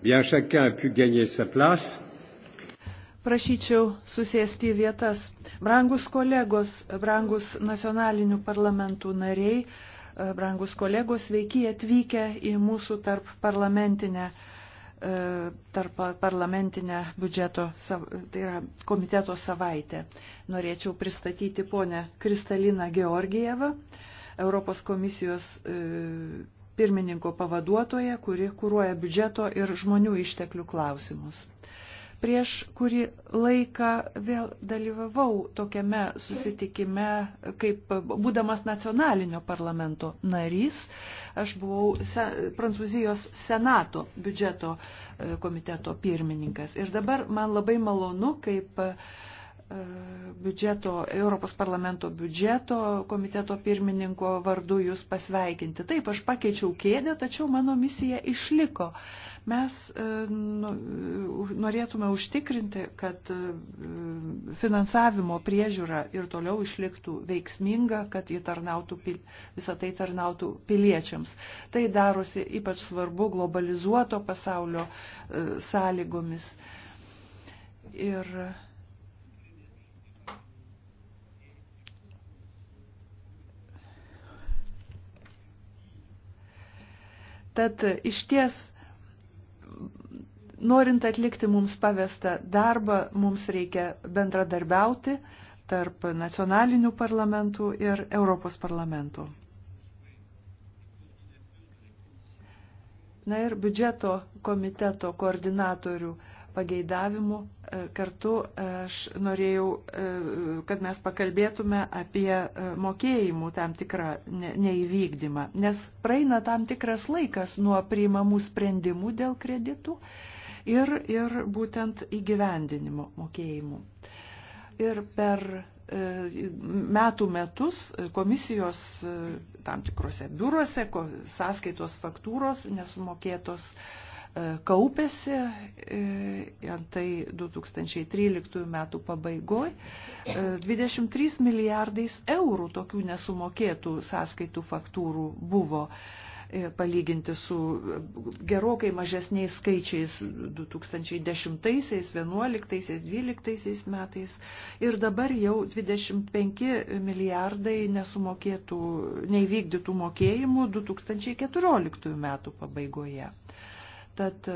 Bien, chacun a pu gagner sa place. Prašyčiau susėsti į vietas. Brangus kolegos, brangus nacionalinių parlamentų nariai, e, brangus kolegos, sveiki atvykę į mūsų tarp parlamentinę, e, tarp parlamentinę biudžeto, tai yra komiteto savaitę. Norėčiau pristatyti ponę Kristaliną Georgijevą, Europos komisijos e, pirmininko pavaduotoja, kuri kūruoja biudžeto ir žmonių išteklių klausimus. Prieš kurį laiką vėl dalyvavau tokiame susitikime, kaip būdamas nacionalinio parlamento narys, aš buvau se, Prancūzijos senato biudžeto e, komiteto pirmininkas. Ir dabar man labai malonu, kaip uh, E, biudžeto, Europos parlamento biudžeto komiteto pirmininko vardu jūs pasveikinti. Taip, aš pakeičiau kėdę, tačiau mano misija išliko. Mes e, nu, norėtume užtikrinti, kad e, finansavimo priežiūra ir toliau išliktų veiksminga, kad visą tai tarnautų piliečiams. Tai darosi ypač svarbu globalizuoto pasaulio sąlygomis. Ir Tad iš ties, norint atlikti mums pavestą darbą, mums reikia bendradarbiauti tarp nacionalinių parlamentų ir Europos parlamentų. Na ir biudžeto komiteto koordinatorių pageidavimų. E, kartu aš norėjau, e, kad mes pakalbėtume apie e, mokėjimų tam tikrą neįvykdymą, nes praeina tam tikras laikas nuo priimamų sprendimų dėl kreditų ir, ir būtent įgyvendinimo mokėjimų. Ir per metų metus komisijos tam tikrose biuruose sąskaitos faktūros nesumokėtos uh, E, kaupėsi, e, antai 2013 metų pabaigoj, 23 e, milijardais eurų tokių nesumokėtų sąskaitų faktūrų buvo palyginti su gerokai mažesniais skaičiais 2010, 2011, 2012 metais. Ir dabar jau 25 milijardai nesumokėtų, neįvykdytų mokėjimų 2014 metų pabaigoje. Tad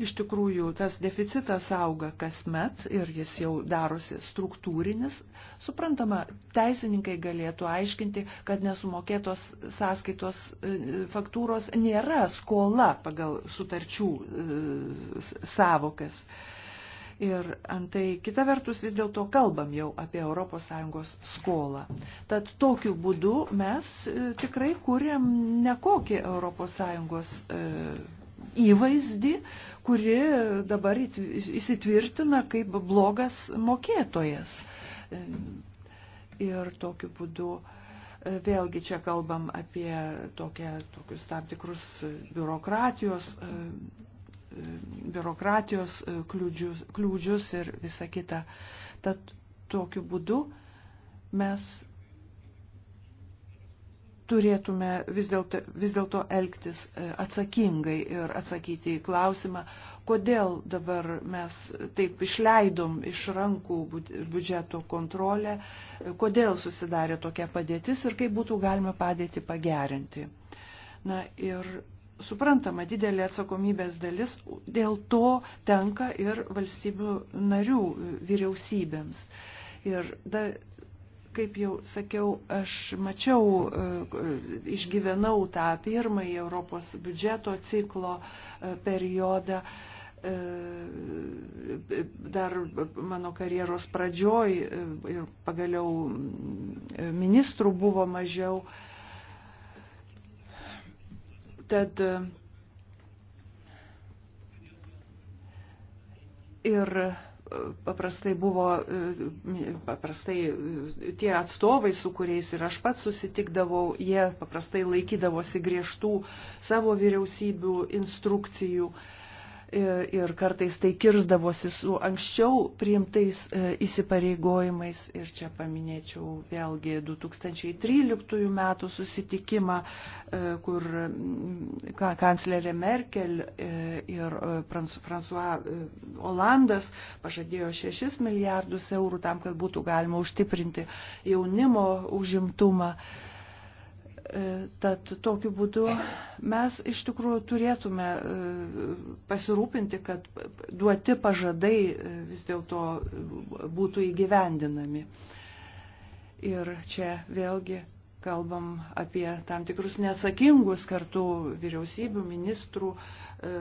iš tikrųjų tas deficitas auga kasmet ir jis jau darosi struktūrinis. Suprantama, teisininkai galėtų aiškinti, kad nesumokėtos sąskaitos e, faktūros nėra skola pagal sutarčių savokas. E, Ir antai kita vertus vis dėlto kalbam jau apie ES skolą. Tad tokiu būdu mes e, tikrai kūrėm nekokį ES e, įvaizdį, kuri dabar įsitvirtina kaip blogas mokėtojas. E, ir tokiu būdu vėlgi čia kalbam apie tokia, tokius tam tikrus biurokratijos biurokratijos e, kliūdžius, kliūdžius ir visa kita. Tad tokiu būdu mes turėtume vis dėlto, vis dėlto elgtis e, atsakingai ir atsakyti į klausimą, kodėl dabar mes taip išleidom iš rankų biudžeto kontrolę, e, kodėl susidarė tokia padėtis ir kaip būtų galima padėti pagerinti. Na ir suprantama, didelė atsakomybės dalis, dėl to tenka ir valstybių narių vyriausybėms. Ir da, kaip jau sakiau, aš mačiau, e, išgyvenau tą pirmąjį Europos biudžeto ciklo e, periodą. E, dar mano karjeros pradžioj ir pagaliau ministrų buvo mažiau. Tad ir e, paprastai buvo, e, paprastai e, tie atstovai, su kuriais ir aš pats susitikdavau, jie paprastai laikydavosi griežtų savo vyriausybių instrukcijų. Uh, ir kartais tai kirzdavosi su anksčiau priimtais e, įsipareigojimais. Ir čia paminėčiau vėlgi 2013 metų susitikimą, e, kur kanclerė Merkel e, ir François Olandas pažadėjo 6 milijardus eurų tam, kad būtų galima užtiprinti jaunimo užimtumą. Uh, E, tad tokiu būdu mes iš tikrųjų turėtume e, pasirūpinti, kad duoti pažadai e, vis dėlto būtų įgyvendinami. Ir čia vėlgi kalbam apie tam tikrus neatsakingus kartu vyriausybių, ministrų, e,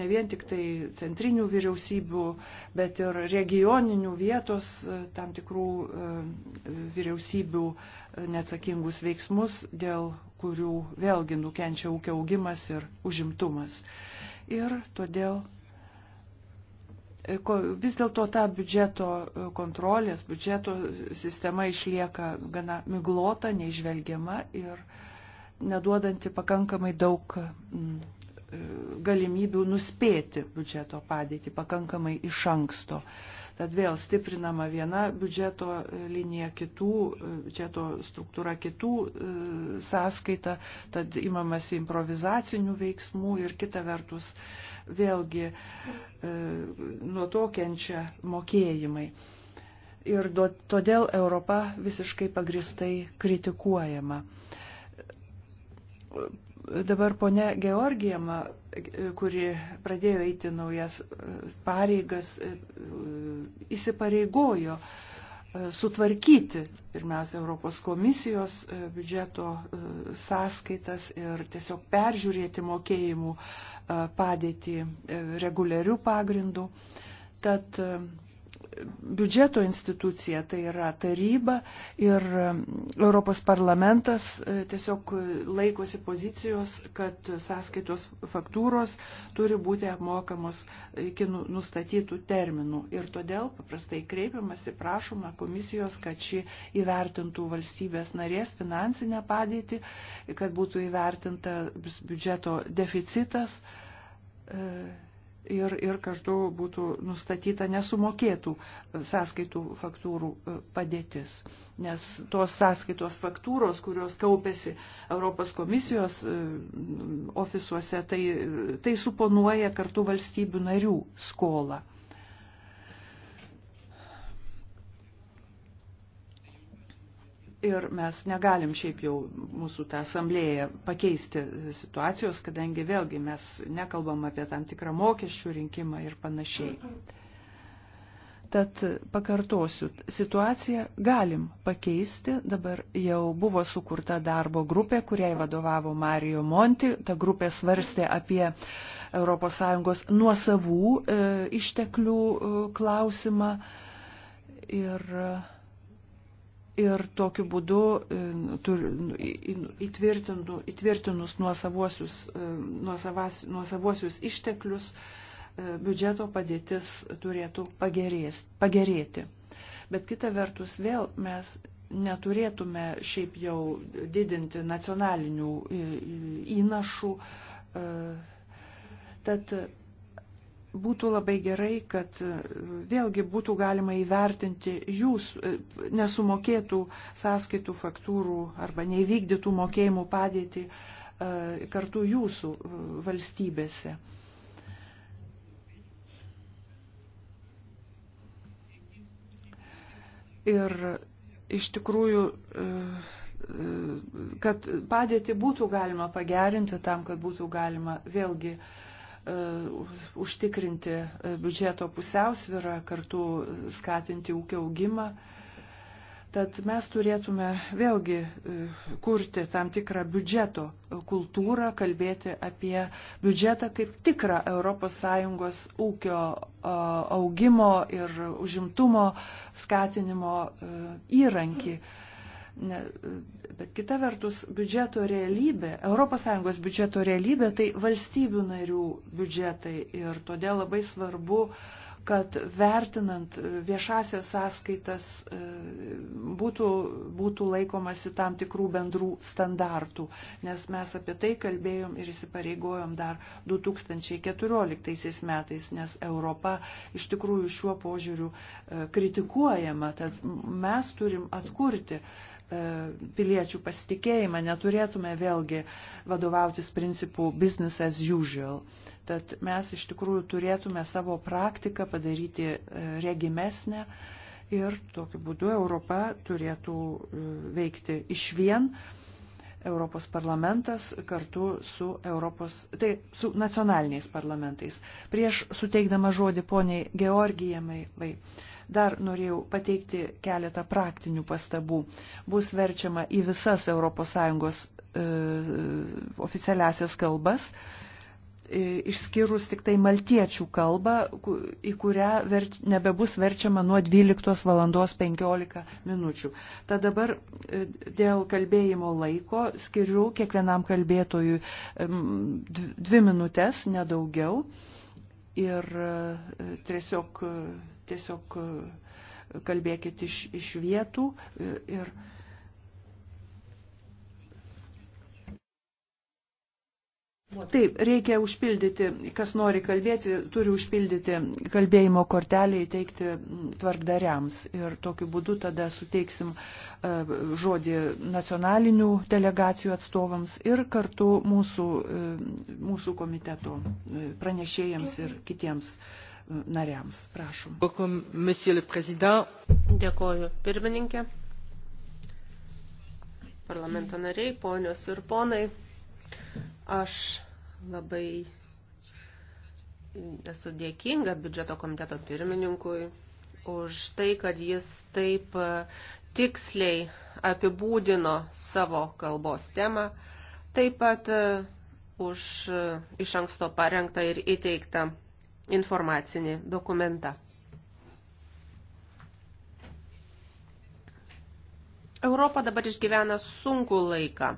ne vien tik tai centrinių vyriausybių, bet ir regioninių vietos e, tam tikrų e, vyriausybių neatsakingus veiksmus, dėl kurių vėlgi nukenčia ūkio augimas ir užimtumas. Ir todėl E, vis dėlto ta biudžeto e, kontrolės, biudžeto sistema išlieka gana miglota, neižvelgiama ir neduodanti pakankamai daug e, galimybių nuspėti biudžeto padėtį pakankamai iš anksto. Tad vėl stiprinama viena biudžeto linija, kitų, e, biudžeto struktūra kitų e, sąskaita, tad imamasi improvizacinių veiksmų ir kita vertus vėlgi e, nuo to kenčia mokėjimai. Ir do, todėl Europa visiškai pagristai kritikuojama dabar ponia Georgijama, kuri pradėjo eiti naujas e, pareigas, e, įsipareigojo e, sutvarkyti pirmiausia Europos komisijos biudžeto sąskaitas ir tiesiog peržiūrėti mokėjimų padėtį reguliarių pagrindų. Tad biudžeto institucija, tai yra taryba ir um, Europos parlamentas e, tiesiog laikosi pozicijos, kad sąskaitos faktūros turi būti apmokamos iki nu, nustatytų terminų. Ir todėl paprastai kreipiamasi, prašoma komisijos, kad ši įvertintų valstybės narės finansinę padėtį, kad būtų įvertintas biudžeto deficitas. E, ir, ir každu būtų nustatyta nesumokėtų sąskaitų faktūrų e, padėtis. Nes tos sąskaitos faktūros, kurios kaupėsi Europos komisijos e, ofisuose, tai, tai suponuoja kartu valstybių narių skolą. Ir mes negalim šiaip jau mūsų tą asamblėją pakeisti situacijos, kadangi vėlgi mes nekalbam apie tam tikrą mokesčių rinkimą ir panašiai. Tad pakartosiu, situaciją galim pakeisti. Dabar jau buvo sukurta darbo grupė, kuriai vadovavo Mario Monti. Ta grupė svarstė apie ES nuosavų e, išteklių e, klausimą. Ir e, ir tokiu būdu e, nu, nu, nu, įtvirtinus nuosavuosius, e, nuosavas, nuosavuosius išteklius e, biudžeto padėtis turėtų pagerės, pagerėti. Bet kita vertus vėl mes neturėtume šiaip jau didinti nacionalinių įnašų. Tad būtų labai gerai, kad e, vėlgi būtų galima įvertinti jūs e, nesumokėtų sąskaitų faktūrų arba neįvykdytų mokėjimų padėtį e, kartu jūsų valstybėse. Ir iš tikrųjų, kad padėtį būtų galima pagerinti tam, kad būtų galima vėlgi uh, E, užtikrinti e, biudžeto pusiausvyrą, kartu skatinti ūkio augimą. Tad mes turėtume vėlgi e, kurti tam tikrą biudžeto kultūrą, kalbėti apie biudžetą kaip tikrą ES ūkio augimo ir užimtumo skatinimo įrankį. Mm Ne, bet kita vertus, biudžeto realybė, ES biudžeto realybė, tai valstybių narių biudžetai. Ir todėl labai svarbu, kad vertinant viešasias sąskaitas e, būtų, būtų laikomasi tam tikrų bendrų standartų. Nes mes apie tai kalbėjom ir įsipareigojom dar 2014 metais, nes Europa iš tikrųjų šiuo požiūriu e, kritikuojama. Tad mes turim atkurti uh, E, piliečių pasitikėjimą, neturėtume vėlgi vadovautis principu business as usual. Tad mes iš tikrųjų turėtume savo praktiką padaryti e, regimesnę ir tokiu būdu Europa turėtų e, veikti iš vien Europos parlamentas kartu su, Europos, tai, su nacionaliniais parlamentais. Prieš suteikdama žodį poniai Georgijamai, vai, dar norėjau pateikti keletą praktinių pastabų. Bus verčiama į visas ES e, oficialiasias kalbas. E, E, išskyrus tik tai maltiečių kalbą, į kurią verč, nebebus verčiama nuo 12 valandos 15 minučių. Tad dabar e, dėl kalbėjimo laiko skiriu kiekvienam kalbėtojui dvi minutės, nedaugiau. Ir e, tiesiog, tiesiog kalbėkit iš, iš vietų. Ir, Taip, reikia užpildyti, kas nori kalbėti, turi užpildyti kalbėjimo kortelę įteikti tvarkdariams. Ir tokiu būdu tada suteiksim e, žodį nacionalinių delegacijų atstovams ir kartu mūsų, e, mūsų komiteto e, pranešėjams ir kitiems nariams. Prašom. Dėkoju, pirmininkė. Parlamento nariai, ponios ir ponai. Aš labai esu dėkinga biudžeto komiteto pirmininkui už tai, kad jis taip e, tiksliai apibūdino savo kalbos temą, taip pat e, už e, iš anksto parengtą ir įteiktą informacinį dokumentą. Europa dabar išgyvena sunku laiką.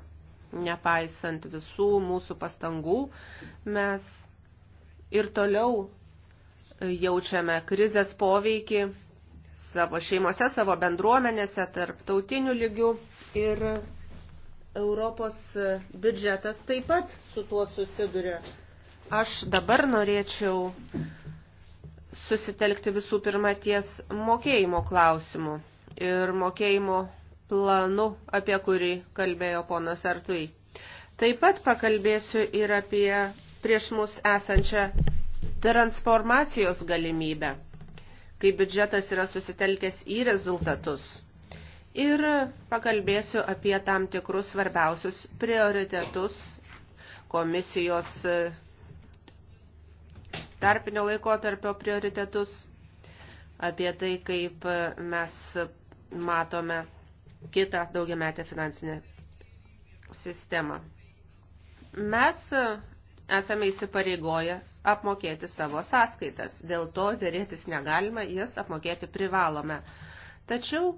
Nepaisant visų mūsų pastangų, mes ir toliau jaučiame krizės poveikį savo šeimose, savo bendruomenėse, tarptautinių lygių ir Europos biudžetas taip pat su tuo susiduria. Aš dabar norėčiau susitelkti visų pirma ties mokėjimo klausimu ir mokėjimo planu, apie kurį kalbėjo ponas Artui. Taip pat pakalbėsiu ir apie prieš mus esančią transformacijos galimybę, kai biudžetas yra susitelkęs į rezultatus. Ir pakalbėsiu apie tam tikrus svarbiausius prioritetus komisijos e, tarpinio laikotarpio prioritetus, apie tai, kaip e, mes matome kitą daugiametę finansinę sistemą. Mes e, esame įsipareigoję apmokėti savo sąskaitas, dėl to dėrėtis negalima, jas apmokėti privalome. Tačiau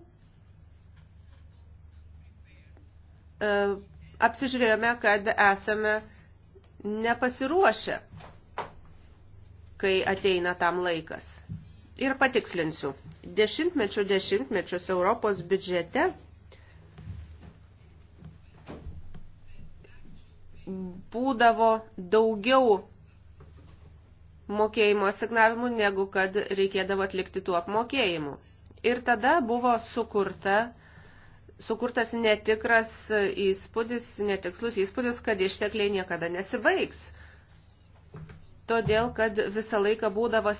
e, apsižiūrėjome, kad esame nepasiruošę, kai ateina tam laikas. Ir patikslinsiu, dešimtmečių dešimtmečius Europos biudžete – būdavo daugiau mokėjimo asignavimų, negu kad reikėdavo atlikti tų apmokėjimų. Ir tada buvo sukurta, sukurtas netikras įspūdis, netikslus įspūdis, kad ištekliai niekada nesibaigs. Todėl, kad visą laiką būdavo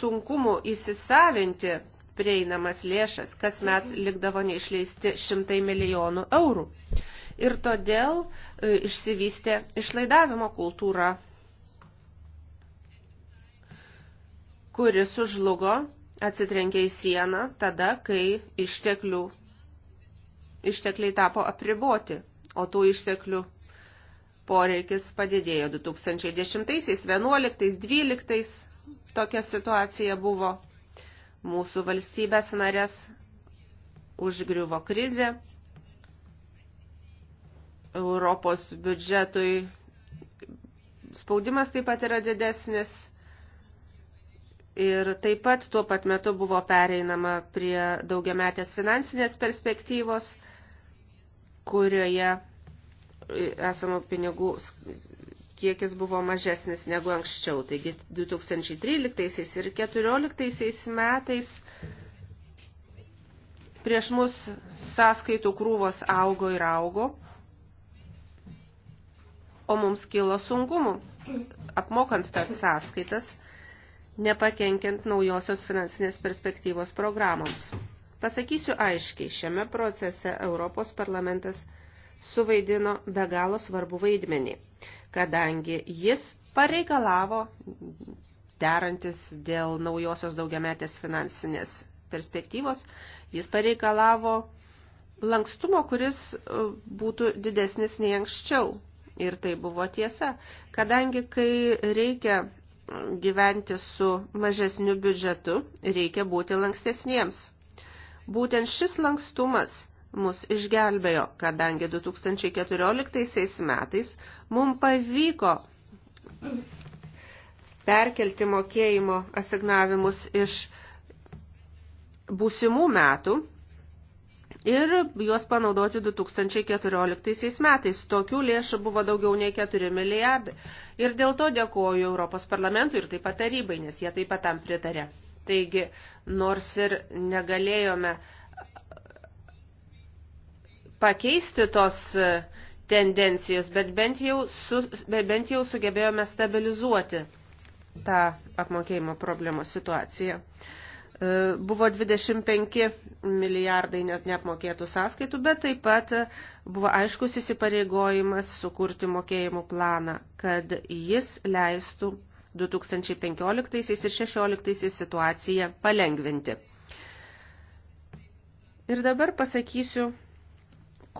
sunkumų įsisavinti prieinamas lėšas, kasmet likdavo neišleisti šimtai milijonų eurų ir todėl e, išsivystė išlaidavimo kultūra, kuri sužlugo, atsitrenkė į sieną tada, kai išteklių, ištekliai tapo apriboti, o tų išteklių poreikis padidėjo 2010, 2011, 2012. Tokia situacija buvo. Mūsų valstybės narės užgriuvo krizė Europos biudžetui. Spaudimas taip pat yra didesnis. Ir taip pat tuo pat metu buvo pereinama prie daugiametės finansinės perspektyvos, kurioje esamų pinigų kiekis buvo mažesnis negu anksčiau. Taigi 2013 ir 2014 metais prieš mus sąskaitų krūvos augo ir augo o mums kilo sunkumų apmokant tas sąskaitas, nepakenkiant naujosios finansinės perspektyvos programoms. Pasakysiu aiškiai, šiame procese Europos parlamentas suvaidino be galo svarbu vaidmenį, kadangi jis pareikalavo derantis dėl naujosios daugiametės finansinės perspektyvos, jis pareikalavo lankstumo, kuris e, būtų didesnis nei anksčiau. Ir tai buvo tiesa, kadangi kai reikia gyventi su mažesniu biudžetu, reikia būti lankstesniems. Būtent šis lankstumas mus išgelbėjo, kadangi 2014 metais mums pavyko perkelti mokėjimo asignavimus iš būsimų metų ir juos panaudoti 2014 metais. Tokių lėšų buvo daugiau nei 4 milijardai. Ir dėl to dėkoju Europos parlamentui ir taip pat tarybai, nes jie taip pat tam pritarė. Taigi, nors ir negalėjome pakeisti tos e, tendencijos, bet bent jau, su, bent jau sugebėjome stabilizuoti tą apmokėjimo problemos situaciją. Uh, E, buvo 25 milijardai net neapmokėtų sąskaitų, bet taip pat buvo aiškus įsipareigojimas sukurti mokėjimų planą, kad jis leistų 2015 ir 2016 situaciją palengvinti. Ir dabar pasakysiu,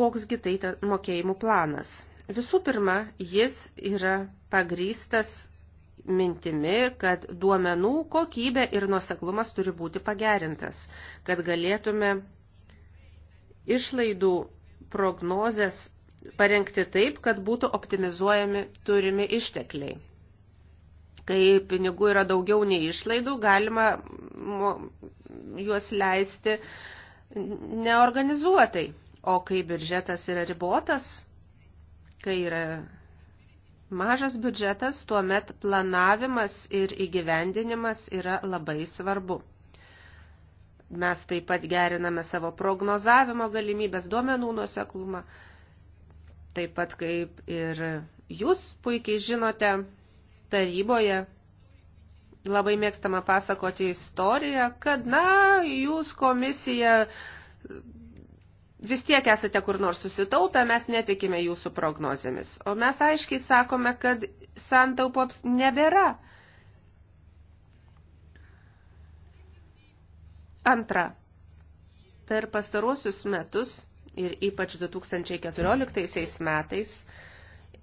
koksgi tai mokėjimų planas. Visų pirma, jis yra pagrystas mintimi, kad duomenų kokybė ir nuoseklumas turi būti pagerintas, kad galėtume išlaidų prognozes parengti taip, kad būtų optimizuojami turimi ištekliai. Kai pinigų yra daugiau nei išlaidų, galima juos leisti neorganizuotai. O kai biudžetas yra ribotas, kai yra Mažas biudžetas, tuomet planavimas ir įgyvendinimas yra labai svarbu. Mes taip pat geriname savo prognozavimo galimybės, duomenų nuoseklumą. Taip pat kaip ir jūs puikiai žinote, taryboje labai mėgstama pasakoti istoriją, kad, na, jūs komisija vis tiek esate kur nors susitaupę, mes netikime jūsų prognozėmis. O mes aiškiai sakome, kad santaupops nebėra. Antra. Per pastaruosius metus ir ypač 2014 metais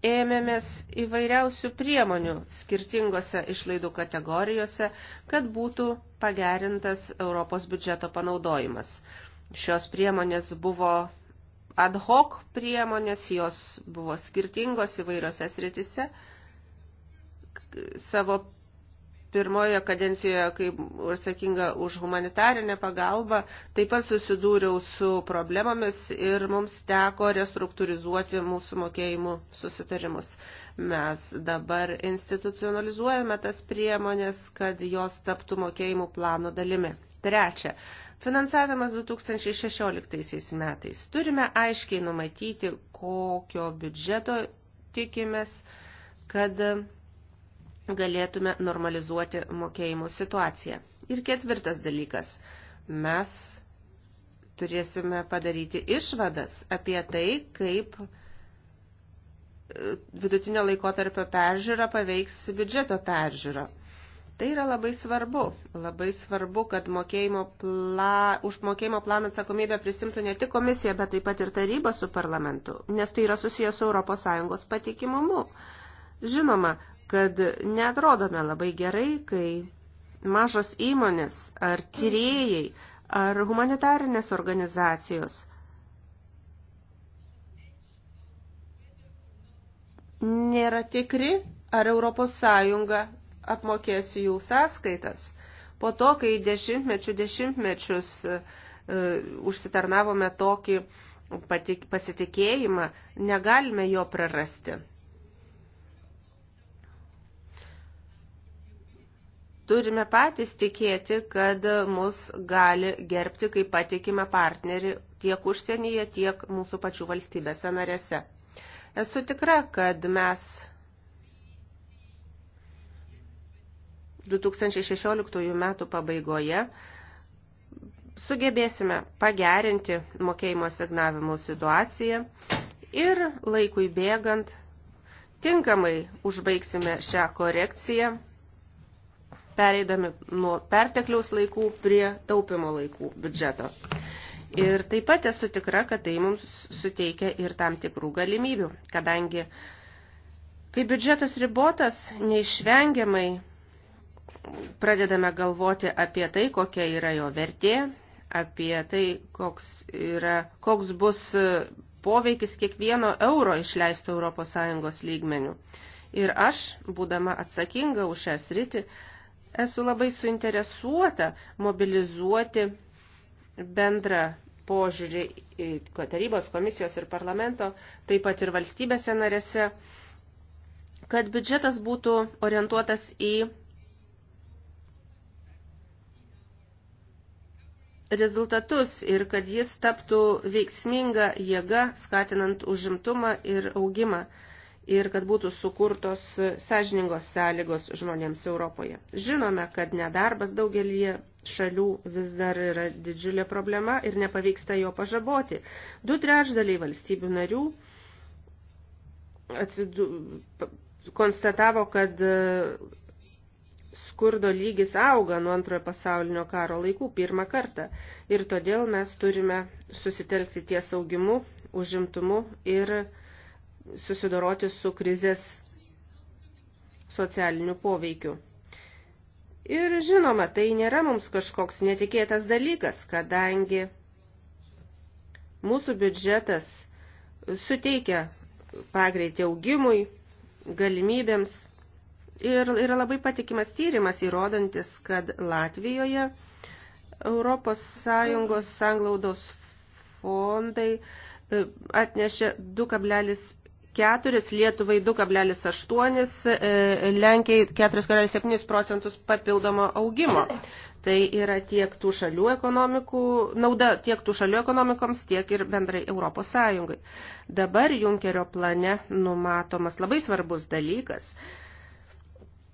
ėmėmės įvairiausių priemonių skirtingose išlaidų kategorijose, kad būtų pagerintas Europos biudžeto panaudojimas. Šios priemonės buvo ad hoc priemonės, jos buvo skirtingos įvairiose sritise. Savo pirmojo kadencijoje, kaip atsakinga už humanitarinę pagalbą, taip pat susidūriau su problemomis ir mums teko restruktūrizuoti mūsų mokėjimų susitarimus. Mes dabar institucionalizuojame tas priemonės, kad jos taptų mokėjimų plano dalimi. Trečia, Finansavimas 2016 metais. Turime aiškiai numatyti, kokio biudžeto tikimės, kad galėtume normalizuoti mokėjimų situaciją. Ir ketvirtas dalykas. Mes turėsime padaryti išvadas apie tai, kaip e, vidutinio laikotarpio peržiūra paveiks biudžeto peržiūrą. Tai yra labai svarbu. Labai svarbu, kad mokėjimo pla... už mokėjimo planą atsakomybę prisimtų ne tik komisija, bet taip pat ir taryba su parlamentu, nes tai yra susijęs su ES patikimumu. Žinoma, kad netrodome labai gerai, kai mažos įmonės ar tyrėjai ar humanitarinės organizacijos nėra tikri, ar ES apmokės jų sąskaitas. Po to, kai dešimtmečių dešimtmečius e, užsitarnavome tokį patik, pasitikėjimą, negalime jo prarasti. Turime patys tikėti, kad mus gali gerbti kaip patikimą partnerį tiek užsienyje, tiek mūsų pačių valstybėse narėse. Esu tikra, kad mes 2016 metų pabaigoje sugebėsime pagerinti mokėjimo asignavimų situaciją ir laikui bėgant tinkamai užbaigsime šią korekciją, pereidami nuo pertekliaus laikų prie taupimo laikų biudžeto. Ir taip pat esu tikra, kad tai mums suteikia ir tam tikrų galimybių, kadangi kai biudžetas ribotas, neišvengiamai pradedame galvoti apie tai, kokia yra jo vertė, apie tai, koks, yra, koks bus poveikis kiekvieno euro išleisto ES lygmenių. Ir aš, būdama atsakinga už šią sritį, esu labai suinteresuota mobilizuoti bendrą požiūrį tarybos komisijos ir parlamento, taip pat ir valstybėse narėse, kad biudžetas būtų orientuotas į rezultatus ir kad jis taptų veiksminga jėga, skatinant užimtumą ir augimą ir kad būtų sukurtos sąžiningos sąlygos žmonėms Europoje. Žinome, kad nedarbas daugelį šalių vis dar yra didžiulė problema ir nepavyksta jo pažaboti. Du trečdaliai valstybių narių atsidu, konstatavo, kad skurdo lygis auga nuo antrojo pasaulinio karo laikų pirmą kartą ir todėl mes turime susitelkti ties augimu, užimtumu ir susidoroti su krizės socialiniu poveikiu. Ir žinoma, tai nėra mums kažkoks netikėtas dalykas, kadangi mūsų biudžetas suteikia pagreitį augimui, galimybėms Ir yra labai patikimas tyrimas įrodantis, kad Latvijoje Europos Sąjungos sanglaudos fondai e, atnešė 2,4, Lietuvai 2,8, e, Lenkijai 4,7 procentus papildomo augimo. Tai yra tiek tų šalių ekonomikų, nauda tiek tų šalių ekonomikoms, tiek ir bendrai Europos Sąjungai. Dabar Junkerio plane numatomas labai svarbus dalykas –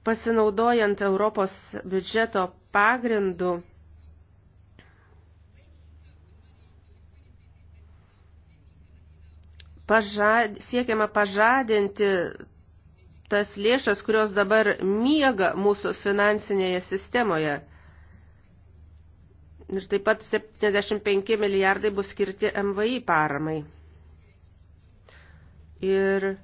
pasinaudojant Europos biudžeto pagrindu, pažad, siekiama pažadinti tas lėšas, kurios dabar miega mūsų finansinėje sistemoje. Ir taip pat 75 milijardai bus skirti MVI paramai. Ir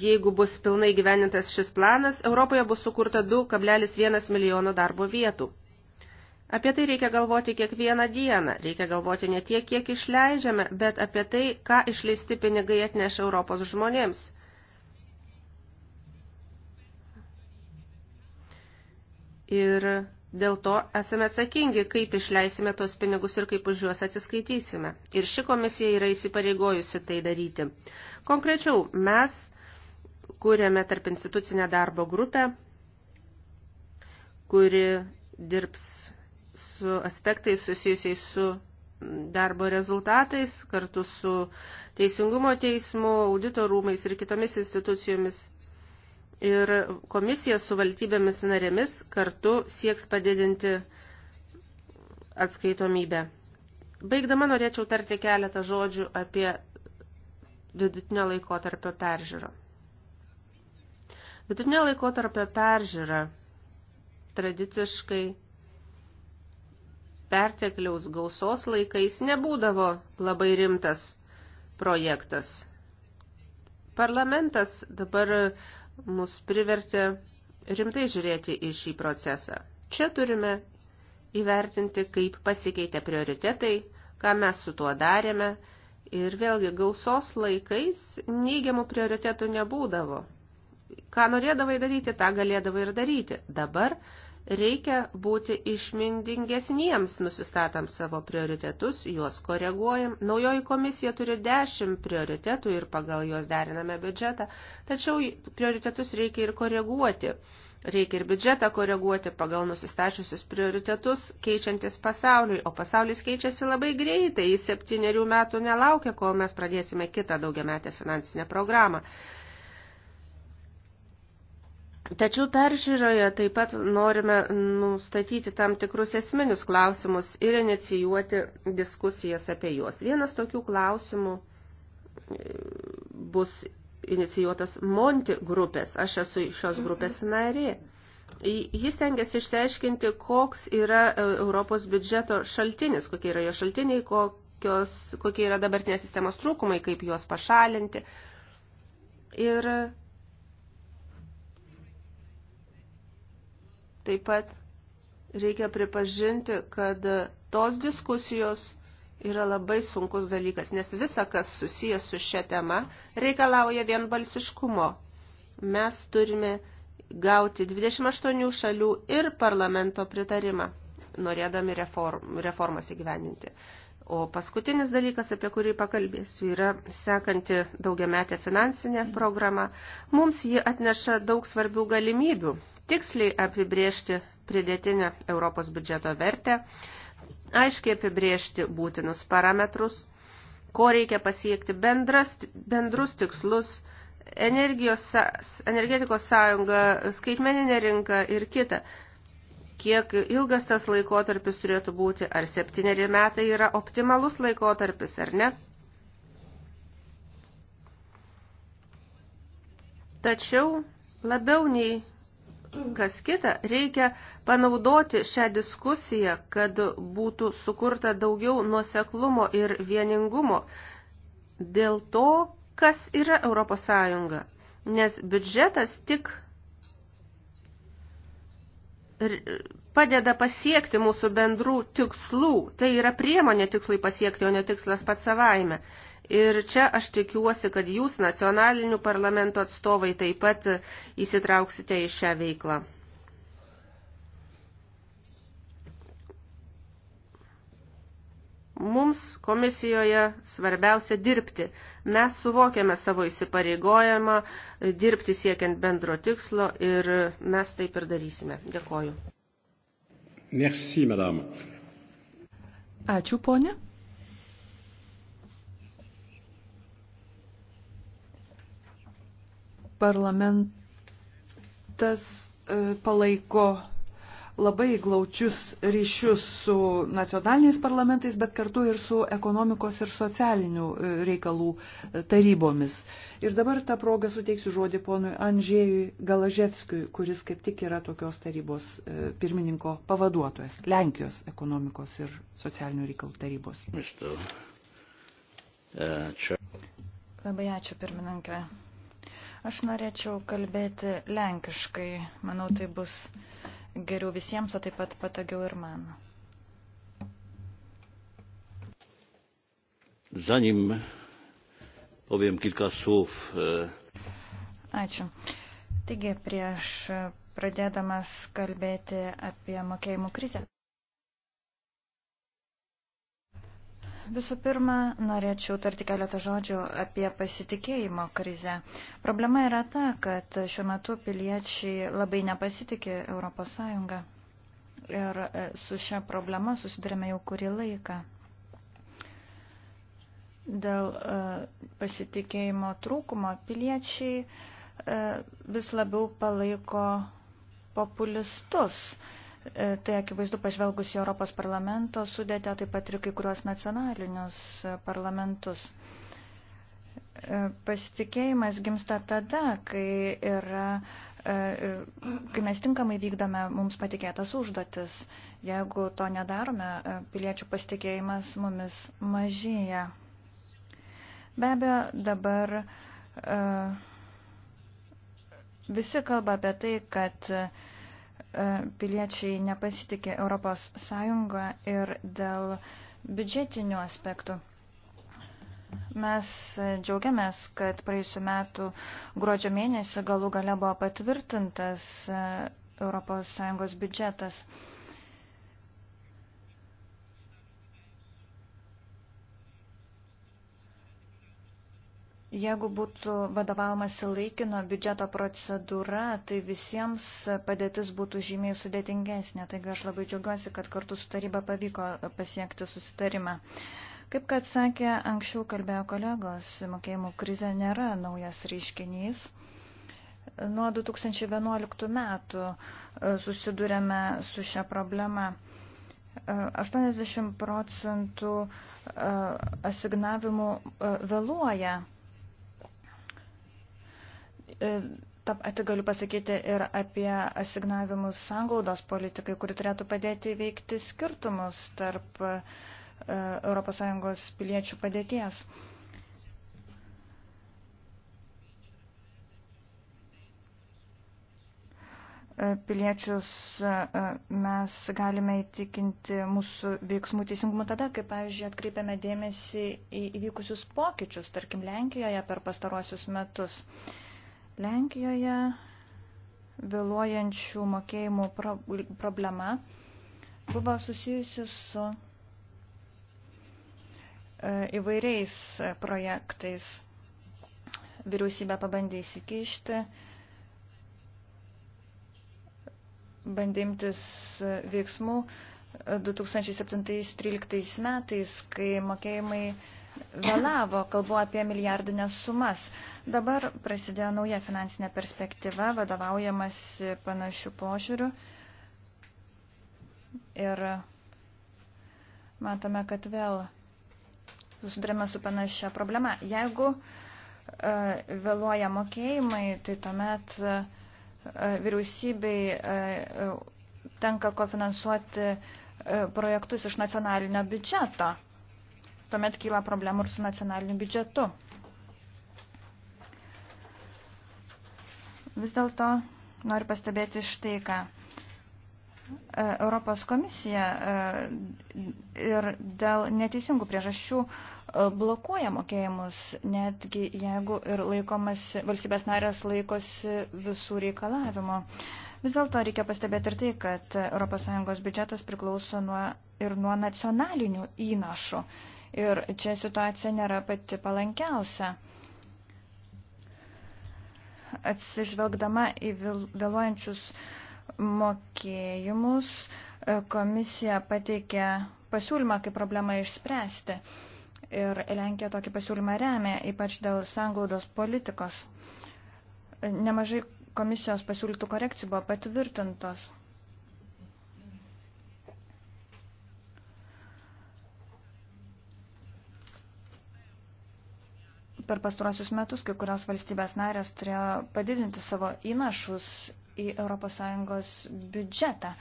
Jeigu bus pilnai gyvenintas šis planas, Europoje bus sukurta 2,1 milijono darbo vietų. Apie tai reikia galvoti kiekvieną dieną. Reikia galvoti ne tiek, kiek išleidžiame, bet apie tai, ką išleisti pinigai atneš Europos žmonėms. Ir dėl to esame atsakingi, kaip išleisime tos pinigus ir kaip už juos atsiskaitysime. Ir ši komisija yra įsipareigojusi tai daryti. Konkrečiau, mes kūrėme tarp institucinę darbo grupę, kuri dirbs su aspektais susijusiais su darbo rezultatais kartu su Teisingumo teismu, audito rūmais ir kitomis institucijomis. Ir komisija su valstybėmis narėmis kartu sieks padidinti atskaitomybę. Baigdama norėčiau tarti keletą žodžių apie vidutinio laiko tarpio peržiūrą. Vidutinė laikotarpio peržiūra tradiciškai pertekliaus gausos laikais nebūdavo labai rimtas projektas. Parlamentas dabar mus privertė rimtai žiūrėti į šį procesą. Čia turime įvertinti, kaip pasikeitė prioritetai, ką mes su tuo darėme ir vėlgi gausos laikais neigiamų prioritetų nebūdavo ką norėdavai daryti, tą galėdavai ir daryti. Dabar reikia būti išmindingesniems, nusistatant savo prioritetus, juos koreguojam. Naujoji komisija turi 10 prioritetų ir pagal juos deriname biudžetą, tačiau prioritetus reikia ir koreguoti. Reikia ir biudžetą koreguoti pagal nusistačiusius prioritetus, keičiantis pasauliui, o pasaulis keičiasi labai greitai, jis septyniarių metų nelaukia, kol mes pradėsime kitą daugiametę finansinę programą. Tačiau peržiūroje taip pat norime nustatyti tam tikrus esminius klausimus ir inicijuoti diskusijas apie juos. Vienas tokių klausimų e, bus inicijuotas Monti grupės. Aš esu šios grupės narė. Jis tengiasi išsiaiškinti, koks yra e, Europos biudžeto šaltinis, kokie yra jo šaltiniai, kokios, kokie yra dabartinės sistemos trūkumai, kaip juos pašalinti. Ir Taip pat reikia pripažinti, kad tos diskusijos yra labai sunkus dalykas, nes visa, kas susijęs su šia tema, reikalauja vienbalsiškumo. Mes turime gauti 28 šalių ir parlamento pritarimą, norėdami reform, reformas įgyvendinti. O paskutinis dalykas, apie kurį pakalbėsiu, yra sekanti daugiametė finansinė programa. Mums ji atneša daug svarbių galimybių tiksliai apibriežti pridėtinę Europos biudžeto vertę, aiškiai apibriežti būtinus parametrus, ko reikia pasiekti bendras, bendrus tikslus, energijos, energetikos sąjunga, skaitmeninė rinka ir kita kiek ilgas tas laikotarpis turėtų būti, ar septyneri metai yra optimalus laikotarpis, ar ne. Tačiau labiau nei kas kita, reikia panaudoti šią diskusiją, kad būtų sukurta daugiau nuoseklumo ir vieningumo dėl to, kas yra ES, nes biudžetas tik padeda pasiekti mūsų bendrų tikslų. Tai yra priemonė tikslui pasiekti, o ne tikslas pats savaime. Ir čia aš tikiuosi, kad jūs, nacionalinių parlamento atstovai, taip pat įsitrauksite į šią veiklą. Mums komisijoje svarbiausia dirbti. Mes suvokiame savo įsipareigojimą dirbti siekiant bendro tikslo ir mes taip ir darysime. Dėkoju. Merci, madame. Ačiū, ponė. Parlamentas e, palaiko labai glaučius ryšius su nacionaliniais parlamentais, bet kartu ir su ekonomikos ir socialinių e, reikalų e, tarybomis. Ir dabar tą progą suteiksiu žodį ponui Andžėjui Galaževskijui, kuris kaip tik yra tokios tarybos e, pirmininko pavaduotojas, Lenkijos ekonomikos ir socialinių reikalų tarybos. Ačiū. Labai ačiū, pirmininkė. Aš norėčiau kalbėti lenkiškai. Manau, tai bus uh, geriau visiems, o taip pat patogiau ir man. Zanim powiem kilka słów. E, Ačiū. Taigi, prieš pradėdamas kalbėti apie mokėjimų krizę. Visų pirma, norėčiau tarti keletą žodžių apie pasitikėjimo krizę. Problema yra ta, kad šiuo metu piliečiai labai nepasitikė ES ir e, su šia problema susidurėme jau kurį laiką. Dėl e, pasitikėjimo trūkumo piliečiai e, vis labiau palaiko populistus. E, tai akivaizdu pažvelgus į Europos parlamento sudėtę, taip pat ir kai kuriuos nacionalinius parlamentus. E, pasitikėjimas gimsta tada, kai, yra, e, kai mes tinkamai vykdome mums patikėtas užduotis. Jeigu to nedarome, piliečių pasitikėjimas mumis mažėja. Be abejo, dabar visi kalba apie tai, kad E, piliečiai nepasitikė Europos Sąjungą ir dėl biudžetinių aspektų. Mes džiaugiamės, kad praėjusiu metu gruodžio mėnesį galų gale buvo patvirtintas ES biudžetas. Jeigu būtų vadovavimasi laikino biudžeto procedūra, tai visiems padėtis būtų žymiai sudėtingesnė. Taigi aš labai džiaugiuosi, kad kartu su taryba pavyko pasiekti susitarimą. Kaip kad sakė anksčiau kalbėjo kolegos, mokėjimų krize nėra naujas reiškinys. Nuo 2011 metų e, susidurėme su šią problemą. 80 procentų e, asignavimų e, vėluoja E, ta pati galiu pasakyti ir apie asignavimus sanglaudos politikai, kuri turėtų padėti veikti skirtumus tarp ES piliečių padėties. E, piliečius e, mes galime įtikinti mūsų veiksmų teisingumu tada, kai, pavyzdžiui, atkreipiame dėmesį į įvykusius pokyčius, tarkim, Lenkijoje per pastaruosius metus. Uh, Lenkijoje vėluojančių mokėjimų problema buvo susijusi su e, įvairiais projektais. Vyriausybė pabandė įsikišti, bandimtis veiksmų 2007-2013 e, metais, kai mokėjimai vėlavo, kalbu apie milijardinės sumas. Dabar prasidėjo nauja finansinė perspektyva, vadovaujamas panašių požiūrių. Ir matome, kad vėl susidurėme su panašia problema. Jeigu e, vėluoja mokėjimai, tai tuomet e, vyriausybei e, tenka kofinansuoti projektus iš nacionalinio biudžeto. Tuomet kyla problemų ir su nacionaliniu biudžetu. Vis dėlto noriu pastebėti štai ką. E, Europos komisija e, ir dėl neteisingų priežasčių e, blokuoja mokėjimus, netgi jeigu ir laikomas, valstybės narės laikosi visų reikalavimo. Vis dėlto reikia pastebėti ir tai, kad ES biudžetas priklauso nuo, ir nuo nacionalinių įnašų ir čia situacija nėra pati palankiausia. Atsižvelgdama į vėluojančius mokėjimus, e, komisija pateikė pasiūlymą, kaip problemą išspręsti. Ir Lenkija tokį pasiūlymą remia, ypač dėl sanglaudos politikos. Nemažai komisijos pasiūlytų korekcijų buvo patvirtintos. per pastarosius metus kai kurios valstybės narės turėjo padidinti savo įnašus į ES biudžetą.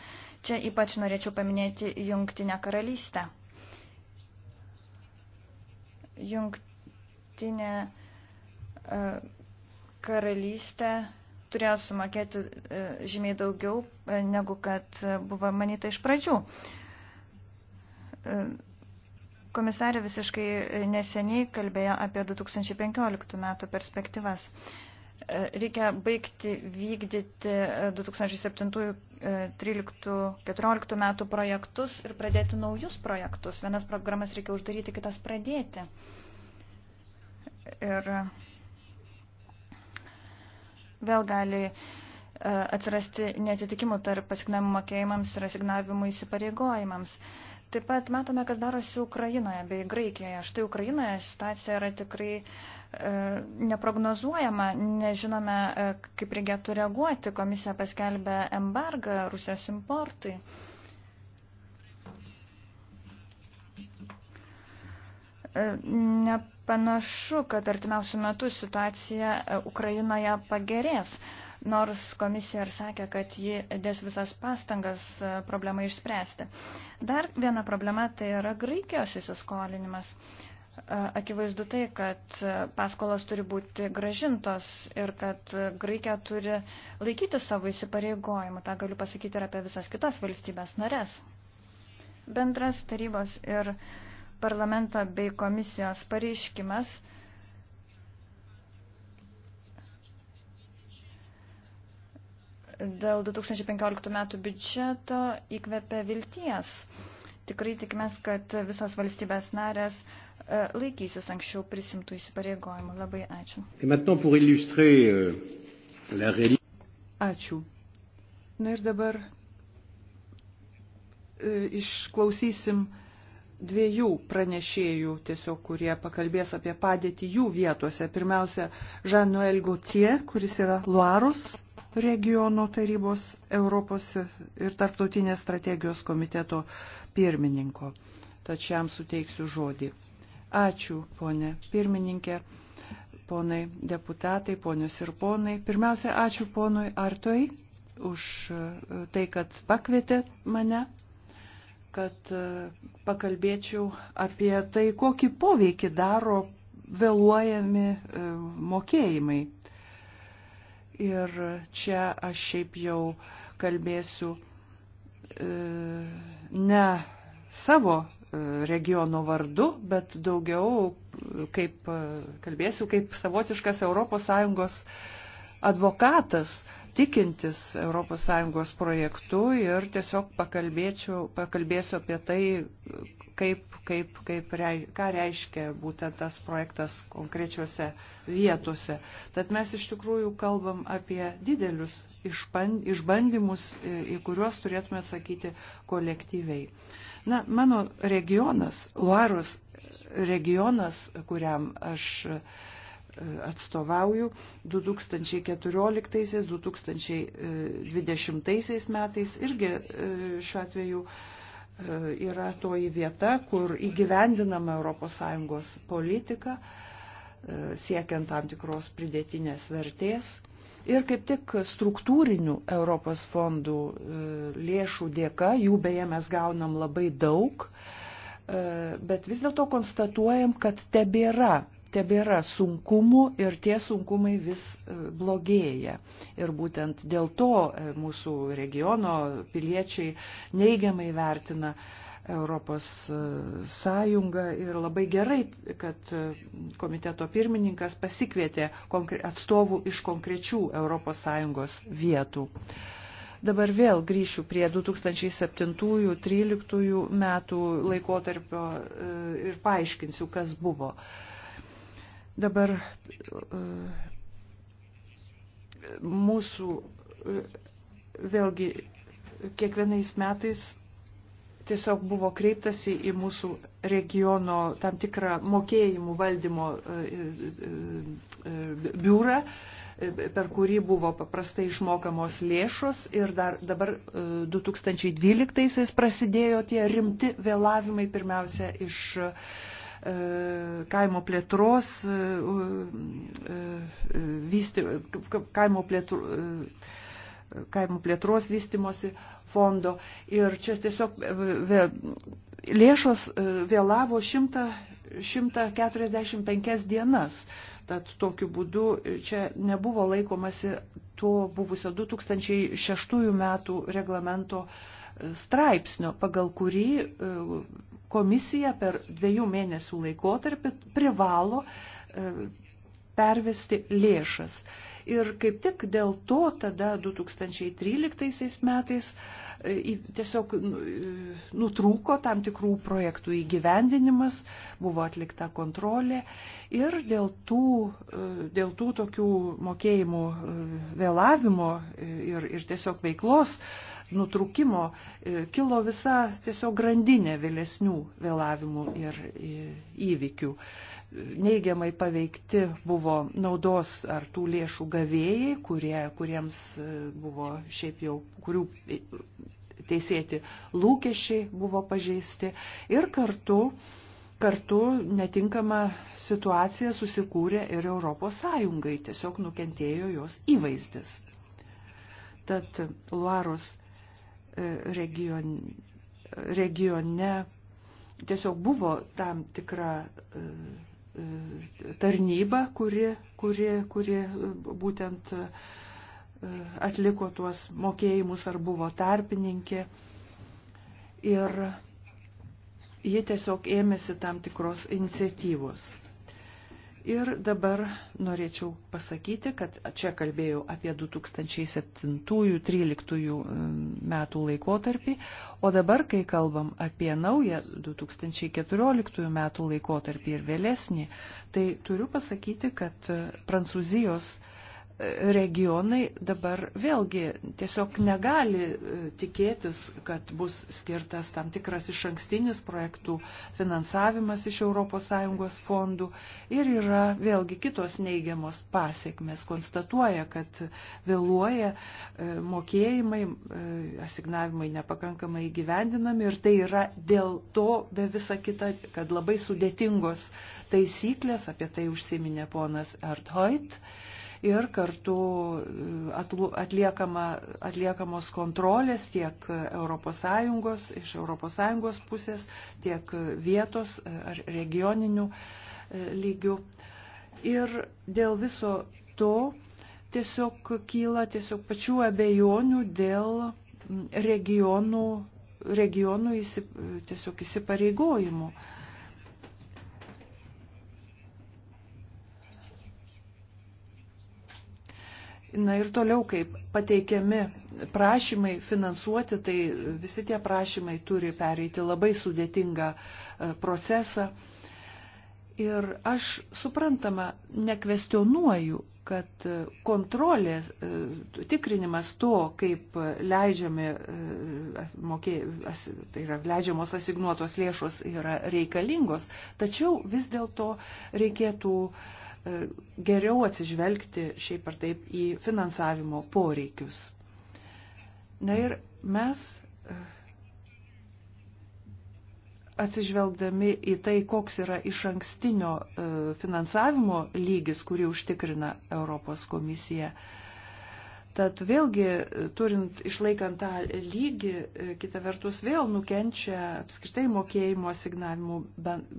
Čia ypač norėčiau paminėti Jungtinę karalystę. Jungtinė e, karalystė turėjo sumokėti e, žymiai daugiau, e, negu kad buvo manyta iš pradžių Komisarė visiškai e, neseniai kalbėjo apie 2015 metų perspektyvas. E, reikia baigti vykdyti 2007-2013-2014 e, metų projektus ir pradėti naujus projektus. Vienas programas reikia uždaryti, kitas pradėti. Ir vėl gali atsirasti netitikimų tarp asignavimų mokėjimams ir asignavimų įsipareigojimams. Taip pat matome, kas darosi Ukrainoje bei Graikijoje. Štai Ukrainoje situacija yra tikrai e, neprognozuojama, nežinome, e, kaip reikėtų reaguoti. Komisija paskelbė embargą Rusijos importui. E, nepanašu, kad artimiausių metų situacija e, Ukrainoje pagerės. E, nors komisija ir sakė, kad ji dės visas pastangas e, problemą išspręsti. Dar viena problema tai yra Graikijos įsiskolinimas. E, akivaizdu tai, kad e, paskolos turi būti gražintos ir kad Graikija turi laikyti savo įsipareigojimų. Ta galiu pasakyti ir apie visas kitas valstybės narės. Bendras tarybos ir parlamento bei komisijos pareiškimas dėl 2015 metų biudžeto įkvepia vilties. Tikrai tikimės, kad visos valstybės narės e, laikysis anksčiau prisimtų įsipareigojimų. Labai ačiū. Euh, ačiū. Na ir dabar e, išklausysim dviejų pranešėjų, tiesiog kurie pakalbės apie padėtį jų vietose. Pirmiausia, Žanuel Gautier, kuris yra Luarus regiono tarybos Europos ir tarptautinės strategijos komiteto pirmininko. Tad šiam suteiksiu žodį. Ačiū, ponė pirmininkė, ponai deputatai, ponios ir ponai. Pirmiausia, ačiū ponui Artoj už e, tai, kad pakvietė mane kad e, pakalbėčiau apie tai, kokį poveikį daro vėluojami e, mokėjimai Ir čia aš šiaip jau kalbėsiu e, ne savo e, regiono vardu, bet daugiau e, kaip kalbėsiu kaip savotiškas ES advokatas, tikintis ES projektu ir tiesiog pakalbėsiu apie tai, kaip, kaip, kaip, ką reiškia būtent tas projektas konkrečiose vietose. Tad mes iš tikrųjų kalbam apie didelius išbandymus, e, į kuriuos turėtume atsakyti kolektyviai. Na, mano regionas, Luaros regionas, kuriam aš atstovauju 2014-2020 metais irgi e, šiuo atveju e, yra toji vieta, kur įgyvendinama ES politika e, siekiant tam tikros pridėtinės vertės. Ir kaip tik struktūrinių Europos fondų lėšų dėka, jų beje mes gaunam labai daug, bet vis dėlto konstatuojam, kad tebėra tebėra sunkumų ir tie sunkumai vis e, blogėja. Ir būtent dėl to e, mūsų regiono piliečiai neigiamai vertina e, Europos Sąjungą ir labai gerai, kad komiteto pirmininkas pasikvietė atstovų iš konkrečių Europos Sąjungos vietų. Dabar vėl grįšiu prie 2007-2013 metų laikotarpio ir paaiškinsiu, kas buvo. Dabar e, mūsų e, vėlgi kiekvienais metais tiesiog buvo kreiptasi į mūsų regiono tam tikrą mokėjimų valdymo e, biurą, per kurį buvo paprastai išmokamos lėšos ir dar dabar 2012 prasidėjo tie rimti vėlavimai pirmiausia iš E, kaimo plėtros, e, e, vysti, kaimo, plėtru, kaimo plėtros vystimosi fondo. Ir čia tiesiog vėl, lėšos vėlavo 100, 145 dienas. Tad tokiu būdu čia nebuvo laikomasi to buvusio 2006 metų reglamento straipsnio, pagal kurį komisija per dviejų mėnesių laikotarpį privalo e, pervesti lėšas. Ir kaip tik dėl to tada 2013 metais e, tiesiog nu, e, nutrūko tam tikrų projektų įgyvendinimas, buvo atlikta kontrolė ir dėl tų, dėl tų tokių mokėjimų vėlavimo ir, ir tiesiog veiklos uh, nutrūkimo e, kilo visa tiesiog grandinė vėlesnių vėlavimų ir e, įvykių. Neigiamai paveikti buvo naudos ar tų lėšų gavėjai, kurie, kuriems e, buvo šiaip jau, kurių teisėti lūkesčiai buvo pažeisti ir kartu kartu netinkama situacija susikūrė ir Europos Sąjungai, tiesiog nukentėjo jos įvaizdis. Tad Luaros E, region, regione tiesiog buvo tam tikra e, e, tarnyba, kuri, kuri, kuri būtent atliko tuos mokėjimus ar buvo tarpininkė. Ir ji tiesiog ėmėsi tam tikros iniciatyvos. Ir dabar norėčiau pasakyti, kad čia kalbėjau apie 2007-2013 metų laikotarpį, o dabar, kai kalbam apie naują 2014 metų laikotarpį ir vėlesnį, tai turiu pasakyti, kad e, Prancūzijos uh, regionai dabar vėlgi tiesiog negali e, tikėtis, kad bus skirtas tam tikras iš ankstinis projektų finansavimas iš ES fondų ir yra vėlgi kitos neigiamos pasiekmes. Konstatuoja, kad vėluoja e, mokėjimai, e, asignavimai nepakankamai gyvendinami ir tai yra dėl to be visa kita, kad labai sudėtingos taisyklės, apie tai užsiminė ponas Erdhoit ir kartu e, atliekama, atliekamos kontrolės tiek ES, iš ES pusės, tiek vietos e, ar regioninių e, lygių. Ir dėl viso to tiesiog kyla tiesiog pačių abejonių dėl regionų, regionų įsip, tiesiog įsipareigojimų. Uh, Na ir toliau, kaip pateikiami prašymai finansuoti, tai visi tie prašymai turi pereiti labai sudėtingą e, procesą. Ir aš suprantama, nekvestionuoju, kad kontrolės e, tikrinimas to, kaip leidžiami, e, mokė, tai yra leidžiamos asignuotos lėšos yra reikalingos, tačiau vis dėlto reikėtų e, geriau atsižvelgti šiaip ar taip į finansavimo poreikius. Na ir mes atsižvelgdami į tai, koks yra iš ankstinio e, finansavimo lygis, kurį užtikrina Europos komisija. Tad vėlgi, e, turint išlaikant tą lygį, e, kita vertus vėl nukenčia apskritai mokėjimo asignavimų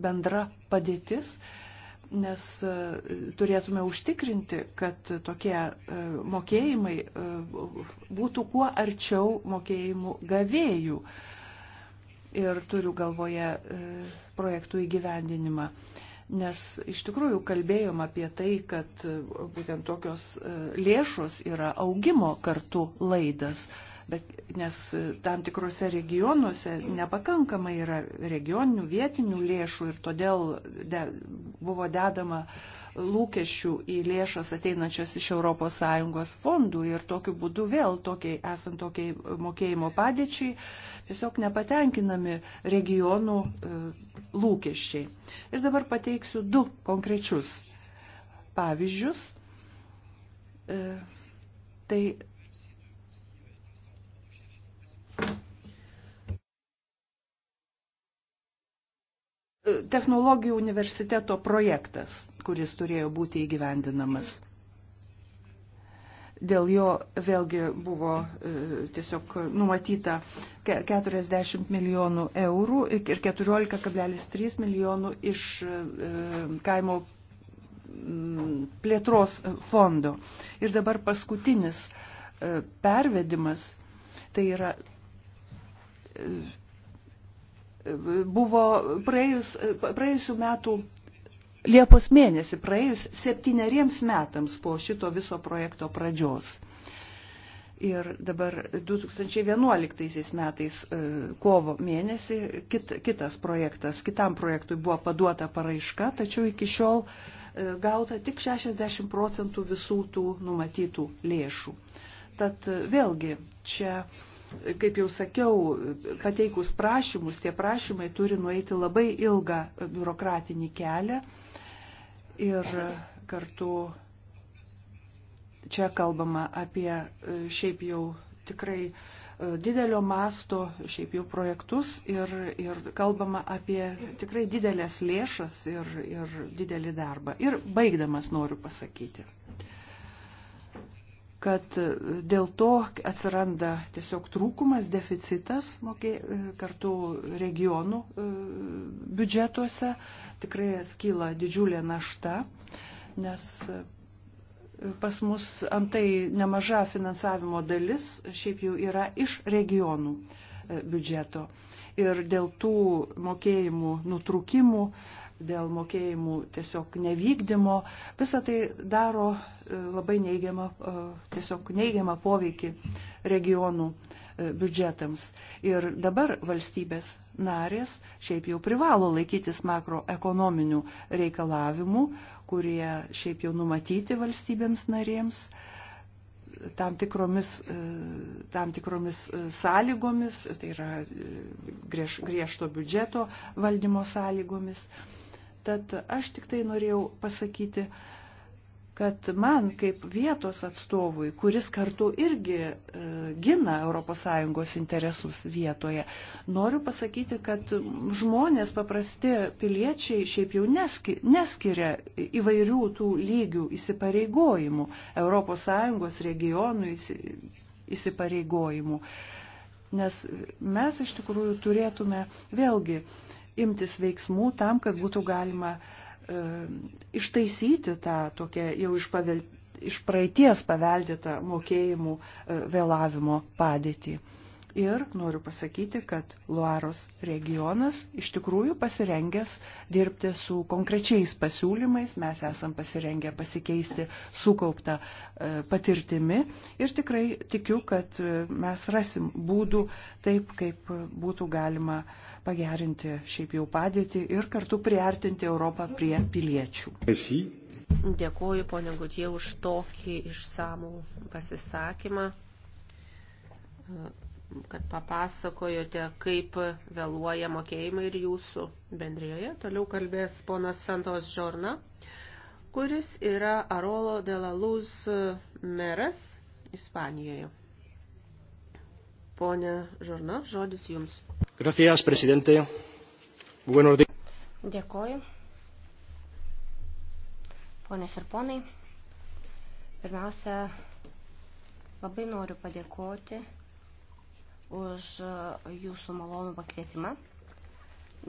bendra padėtis, nes turėtume užtikrinti, kad tokie mokėjimai būtų kuo arčiau mokėjimų gavėjų ir turiu galvoje e, projektų įgyvendinimą. Nes iš tikrųjų kalbėjom apie tai, kad e, būtent tokios e, lėšos yra augimo kartu laidas bet nes e, tam tikrose regionuose nepakankamai yra regioninių, vietinių lėšų ir todėl de, buvo dedama lūkesčių į lėšas ateinančias iš ES fondų ir tokiu būdu vėl tokiai, esant tokiai mokėjimo padėčiai tiesiog nepatenkinami regionų e, lūkesčiai. Ir dabar pateiksiu du konkrečius pavyzdžius. E, tai technologijų universiteto projektas, kuris turėjo būti įgyvendinamas. Dėl jo vėlgi buvo e, tiesiog numatyta 40 milijonų eurų ir 14,3 milijonų iš e, kaimo plėtros fondo. Ir dabar paskutinis e, pervedimas, tai yra buvo praėjus, praėjusių metų Liepos mėnesį, praėjus septyneriems metams po šito viso projekto pradžios. Ir dabar 2011 metais e, kovo mėnesį kit, kitas projektas, kitam projektui buvo paduota paraiška, tačiau iki šiol e, gauta tik 60 procentų visų tų numatytų lėšų. Tad e, vėlgi čia kaip jau sakiau, pateikus prašymus, tie prašymai turi nueiti labai ilgą biurokratinį kelią ir kartu čia kalbama apie e, šiaip jau tikrai e, didelio masto šiaip jau projektus ir, ir kalbama apie tikrai didelės lėšas ir, ir didelį darbą. Ir baigdamas noriu pasakyti. Uh, kad dėl to atsiranda tiesiog trūkumas, deficitas mokė, e, kartu regionų e, biudžetuose, tikrai kyla didžiulė našta, nes e, pas mus antai nemaža finansavimo dalis šiaip jau yra iš regionų biudžeto. Ir dėl tų mokėjimų nutrūkimų dėl mokėjimų tiesiog nevykdymo, visą tai daro e, labai neigiamą, e, tiesiog neigiamą poveikį regionų e, biudžetams. Ir dabar valstybės narės šiaip jau privalo laikytis makroekonominių reikalavimų, kurie šiaip jau numatyti valstybėms narėms tam tikromis, tam tikromis sąlygomis, tai yra griež, griežto biudžeto valdymo sąlygomis. Tad aš tik tai norėjau pasakyti, kad man kaip vietos atstovui, kuris kartu irgi e, gina ES interesus vietoje, noriu pasakyti, kad žmonės, paprasti piliečiai šiaip jau neski, neskiria įvairių tų lygių įsipareigojimų, ES regionų įsipareigojimų. Nes mes iš tikrųjų turėtume vėlgi imtis veiksmų tam, kad būtų galima e, ištaisyti tą tokią jau iš, pavel, iš praeities paveldėtą mokėjimų e, vėlavimo padėtį ir noriu pasakyti, kad Luaros regionas iš tikrųjų pasirengęs dirbti su konkrečiais pasiūlymais, mes esam pasirengę pasikeisti sukauptą e, patirtimi ir tikrai tikiu, kad e, mes rasim būdų taip, kaip būtų galima pagerinti šiaip jau padėtį ir kartu priartinti Europą prie piliečių. Esi? Dėkuoju, ponia Gutie, už tokį išsamų pasisakymą kad papasakojote, kaip vėluoja mokėjimai ir jūsų bendrijoje. Toliau kalbės ponas Santos Žorna, kuris yra Arolo de la Luz meras Ispanijoje. Pone Žorna, žodis jums. Gracias, prezidente. Buenos días. Dėkoju. Ponės ir ponai, pirmiausia, labai noriu padėkoti už e, jūsų malonų pakvietimą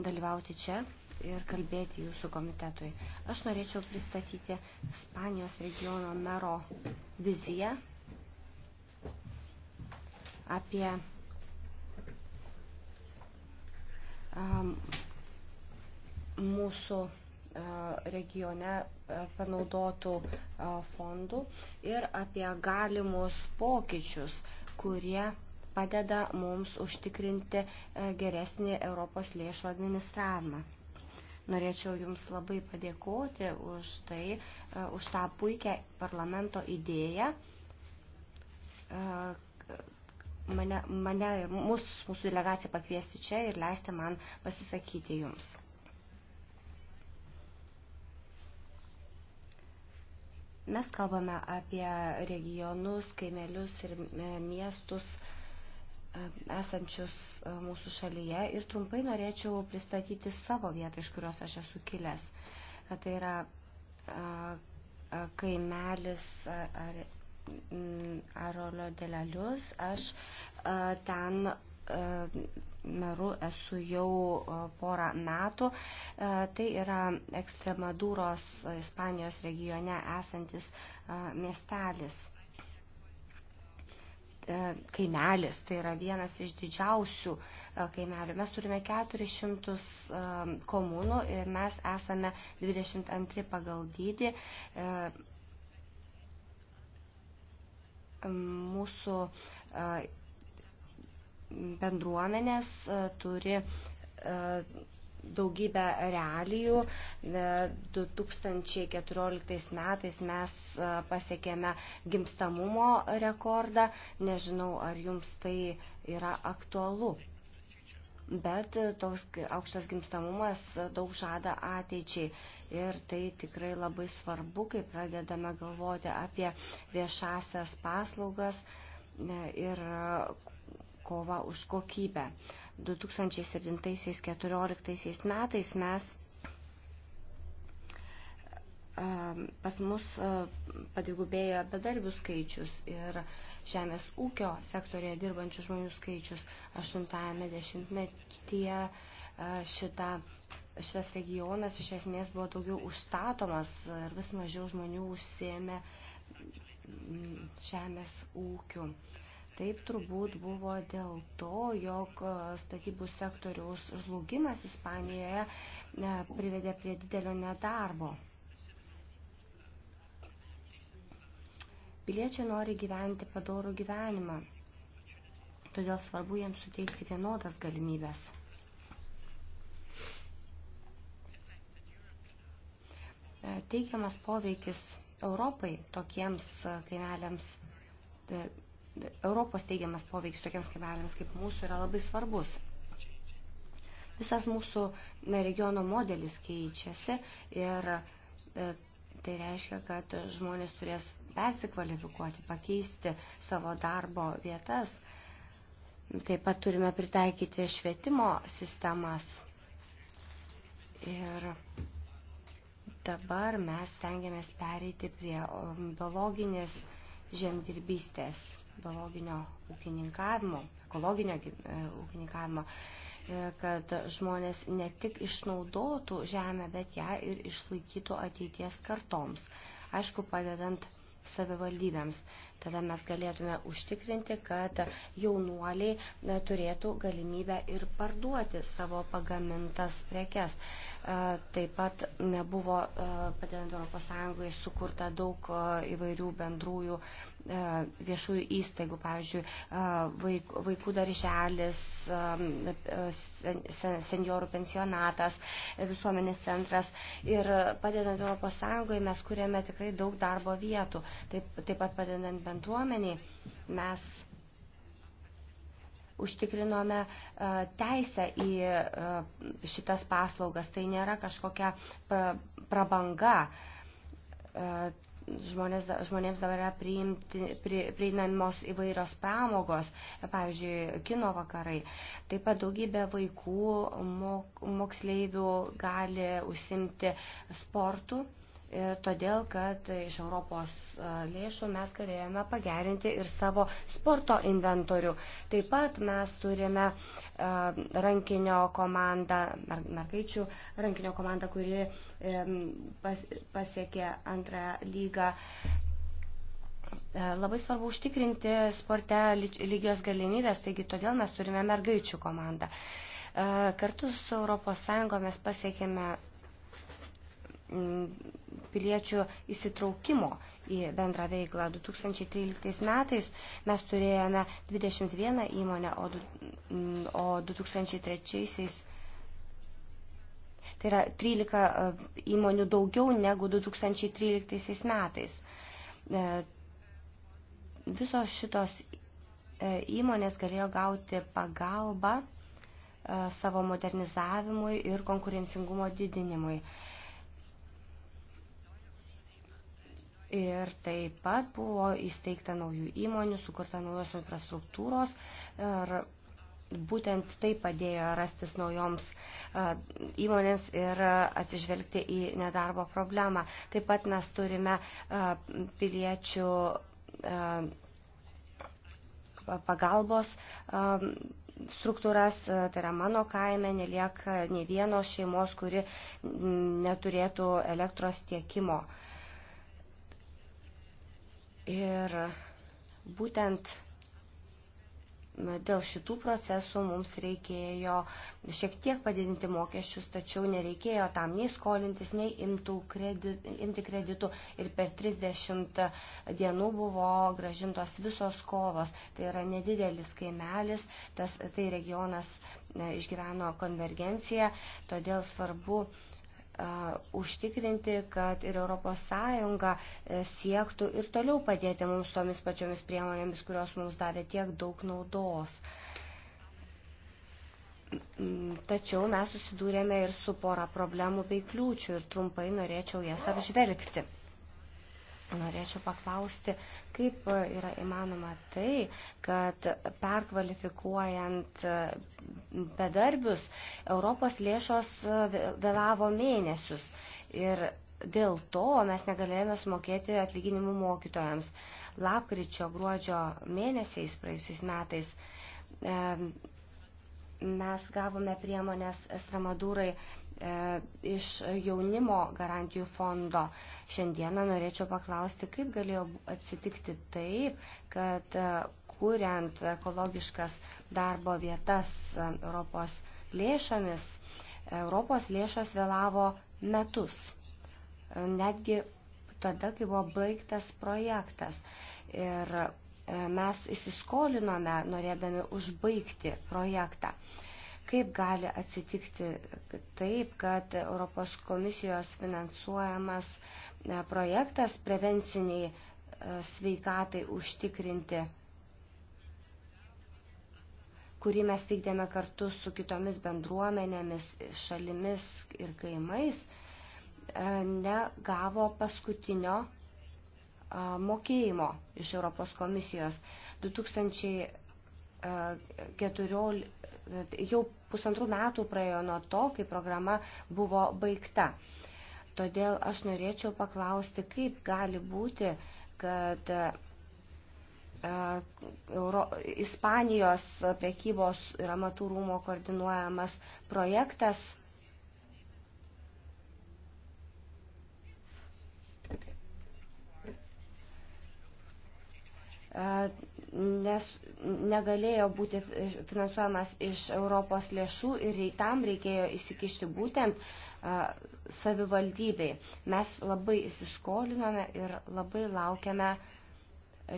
dalyvauti čia ir kalbėti jūsų komitetui. Aš norėčiau pristatyti Spanijos regiono mero viziją apie um, mūsų e, regione e, panaudotų fondų ir apie galimus pokyčius, kurie padeda mums užtikrinti e, geresnį Europos lėšų administravimą. Norėčiau Jums labai padėkoti už tai, e, už tą puikią parlamento idėją. E, mane, mane ir mus, mūsų delegaciją pakviesti čia ir leisti man pasisakyti Jums. Mes kalbame apie regionus, kaimelius ir miestus, esančius e, mūsų šalyje ir trumpai norėčiau pristatyti savo vietą, iš kurios aš esu kilęs. E, tai yra e, kaimelis Arolio Delelius. Aš ten meru esu jau porą metų. Tai yra Ekstremadūros Ispanijos regione esantis miestelis. E, kaimelis, tai yra vienas iš didžiausių e, kaimelių. Mes turime 400 e, komunų ir mes esame 22 pagal dydį. Mūsų bendruomenės turi daugybę realijų. 2014 metais mes pasiekėme gimstamumo rekordą. Nežinau, ar jums tai yra aktualu. Bet toks aukštas gimstamumas daug žada ateičiai ir tai tikrai labai svarbu, kai pradedame galvoti apie viešasias paslaugas e, ir kovą už kokybę. 2007-2014 metais mes pas mus padigubėjo bedarbių skaičius ir žemės ūkio sektorėje dirbančių žmonių skaičius 80-ame dešimtmetyje šita, šitas regionas iš esmės buvo daugiau užstatomas ir vis mažiau žmonių užsėmė žemės ūkiu. Taip turbūt buvo dėl to, jog e, statybų sektoriaus žlugimas Ispanijoje e, privedė prie didelio nedarbo. Piliečiai nori gyventi padorų gyvenimą, todėl svarbu jiems suteikti vienodas galimybės. E, Teikiamas poveikis Europai tokiems kaimeliams Europos teigiamas poveikis tokiems kaimeliams kaip mūsų yra labai svarbus. Visas mūsų regiono modelis keičiasi ir e, tai reiškia, kad žmonės turės persikvalifikuoti, pakeisti savo darbo vietas. Taip pat turime pritaikyti švietimo sistemas. Ir dabar mes stengiamės pereiti prie biologinės žemdirbystės biologinio ūkininkavimo, ekologinio e, ūkininkavimo, e, kad žmonės ne tik išnaudotų žemę, bet ją ir išlaikytų ateities kartoms. Aišku, padedant savivaldybėms. Tada mes galėtume užtikrinti, kad jaunuoliai turėtų galimybę ir parduoti savo pagamintas prekes. E, taip pat buvo e, padedant ES sukurta daug e, įvairių bendrųjų viešųjų įstaigų, pavyzdžiui, vaikų darželis, seniorų pensionatas, visuomenės centras. Ir padedant ES mes kuriame tikrai daug darbo vietų, taip, taip pat padedant bendrųjų bendruomeniai mes užtikrinome e, teisę į e, šitas paslaugas. Tai nėra kažkokia e, prabanga. Žmonės, žmonėms dabar yra priimti, pri, prieinamos įvairios pramogos, pavyzdžiui, kino vakarai. Taip pat daugybė vaikų, mok, moksleivių gali užsimti sportų todėl kad iš Europos e, lėšų mes galėjome pagerinti ir savo sporto inventorių. Taip pat mes turime e, rankinio komandą, mergaičių rankinio komandą, kuri e, pasiekė antrą lygą. Labai svarbu užtikrinti sporte lygios galimybės, taigi todėl mes turime mergaičių komandą. Kartu su ES mes pasiekėme piliečių įsitraukimo į bendrą veiklą. 2013 metais mes turėjome 21 įmonę, o 2003 tai yra 13 e, įmonių daugiau negu 2013 metais. E, visos šitos e, įmonės galėjo gauti pagalbą savo modernizavimui ir konkurencingumo didinimui. Ir taip pat buvo įsteigta naujų įmonių, sukurta naujos infrastruktūros ir būtent tai padėjo rastis naujoms įmonėms ir atsižvelgti į nedarbo problemą. Taip pat mes turime piliečių pagalbos struktūras, tai yra mano kaime, nelieka ne vienos šeimos, kuri neturėtų elektros tiekimo. Uh, Ir būtent dėl šitų procesų mums reikėjo šiek tiek padidinti mokesčius, tačiau nereikėjo tam nei skolintis, nei kredit, imti kreditų. Ir per 30 dienų buvo gražintos visos skolos. Tai yra nedidelis kaimelis, tas, tai regionas išgyveno konvergenciją, todėl svarbu uh, užtikrinti, kad ir ES e, siektų ir toliau padėti mums tomis pačiomis priemonėmis, kurios mums davė tiek daug naudos. Tačiau mes susidūrėme ir su pora problemų bei kliūčių ir trumpai norėčiau jas apžvelgti. Norėčiau paklausti, kaip yra įmanoma tai, kad perkvalifikuojant bedarbius Europos lėšos vėlavo mėnesius ir dėl to mes negalėjome sumokėti atlyginimų mokytojams. Lapkričio, gruodžio mėnesiais praėjusiais metais mes gavome priemonės Stramadūrai E, iš jaunimo garantijų fondo. Šiandieną norėčiau paklausti, kaip galėjo atsitikti taip, kad e, kuriant ekologiškas darbo vietas Europos lėšomis, Europos lėšos vėlavo metus, netgi tada, kai buvo baigtas projektas. Ir e, mes įsiskolinome, norėdami užbaigti projektą. Kaip gali atsitikti taip, kad Europos komisijos finansuojamas e, projektas prevenciniai e, sveikatai užtikrinti, kurį mes vykdėme kartu su kitomis bendruomenėmis, šalimis ir kaimais, e, negavo paskutinio mokėjimo iš Europos komisijos. 2000 14, jau pusantrų metų praėjo nuo to, kai programa buvo baigta. Todėl aš norėčiau paklausti, kaip gali būti, kad e, Euro, Ispanijos prekybos ir amatų rūmo koordinuojamas projektas uh, nes negalėjo būti finansuojamas iš Europos lėšų ir tam reikėjo įsikišti būtent savivaldybei. Mes labai įsiskolinome ir labai laukiame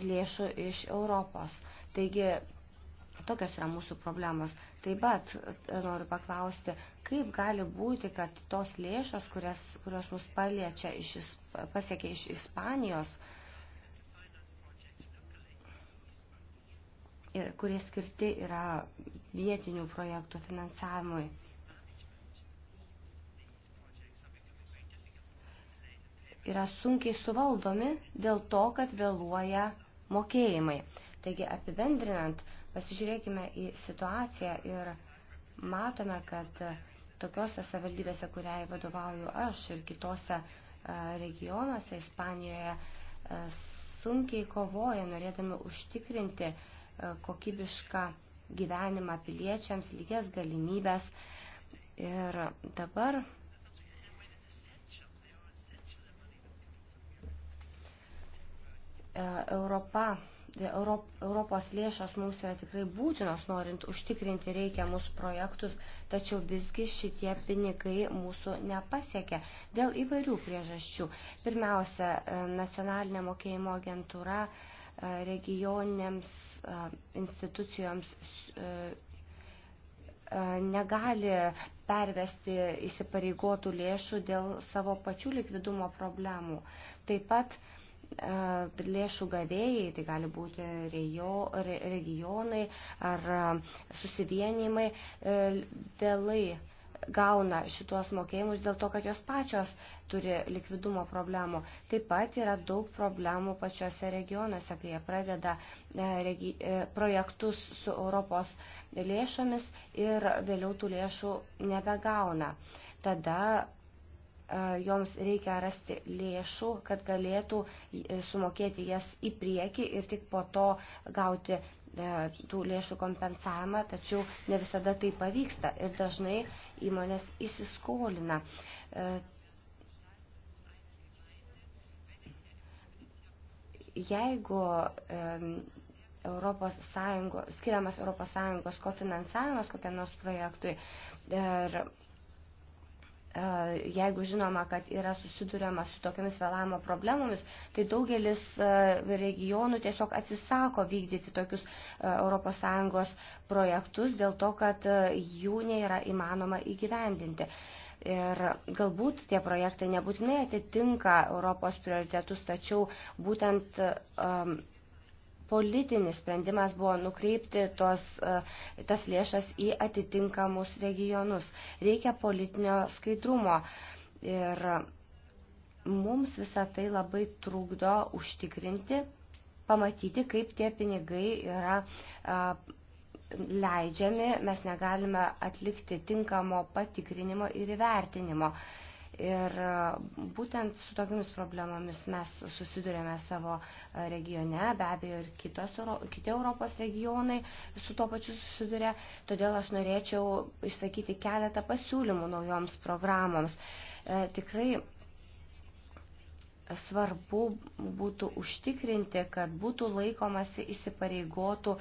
lėšų iš Europos. Taigi tokios yra mūsų problemos. Taip pat noriu paklausti, kaip gali būti, kad tos lėšos, kurias, kurios mus paliečia, iš, pasiekė iš Ispanijos, uh, kurie skirti yra vietinių projektų finansavimui. Yra sunkiai suvaldomi dėl to, kad vėluoja mokėjimai. Taigi apibendrinant, pasižiūrėkime į situaciją ir matome, kad tokiose savivaldybėse, kuriai vadovauju aš ir kitose e, regionuose Ispanijoje, e, sunkiai kovoja norėdami užtikrinti uh, E, kokybišką gyvenimą piliečiams, lygias galimybės. Ir dabar e, Europa e, Europos lėšos mums yra tikrai būtinos, norint užtikrinti reikiamus projektus, tačiau visgi šitie pinigai mūsų nepasiekia dėl įvairių priežasčių. Pirmiausia, nacionalinė mokėjimo agentūra regioniniams institucijoms negali pervesti įsipareigotų lėšų dėl savo pačių likvidumo problemų. Taip pat lėšų gavėjai, tai gali būti rejo, re, regionai ar susivienimai, e, vėlai gauna šituos mokėjimus dėl to, kad jos pačios turi likvidumo problemų. Taip pat yra daug problemų pačiose regionuose, kai jie pradeda e, regi, e, projektus su Europos lėšomis ir vėliau tų lėšų nebegauna. Tada e, joms reikia rasti lėšų, kad galėtų sumokėti jas į priekį ir tik po to gauti E, tų lėšų kompensavimą, tačiau ne visada tai pavyksta ir dažnai įmonės įsiskolina. E, jeigu e, Europos Sąjungos, skiriamas Europos Sąjungos kofinansavimas kokiam nors projektui ir E, jeigu žinoma, kad yra susiduriama su tokiamis vėlavimo problemomis, tai daugelis e, regionų tiesiog atsisako vykdyti tokius ES projektus dėl to, kad e, jų nėra įmanoma įgyvendinti. Ir galbūt tie projektai nebūtinai atitinka Europos prioritetus, tačiau būtent um, politinis sprendimas buvo nukreipti tos, e, tas lėšas į atitinkamus regionus. Reikia politinio skaidrumo. Ir mums visą tai labai trukdo užtikrinti, pamatyti, kaip tie pinigai yra e, leidžiami, mes negalime atlikti tinkamo patikrinimo ir įvertinimo. Ir e, būtent su tokiamis problemomis mes susidurėme savo e, regione, be abejo ir kitos, kiti Europos regionai su to pačiu susidurė, todėl aš norėčiau išsakyti keletą pasiūlymų naujoms programoms. E, tikrai svarbu būtų užtikrinti, kad būtų laikomasi įsipareigotų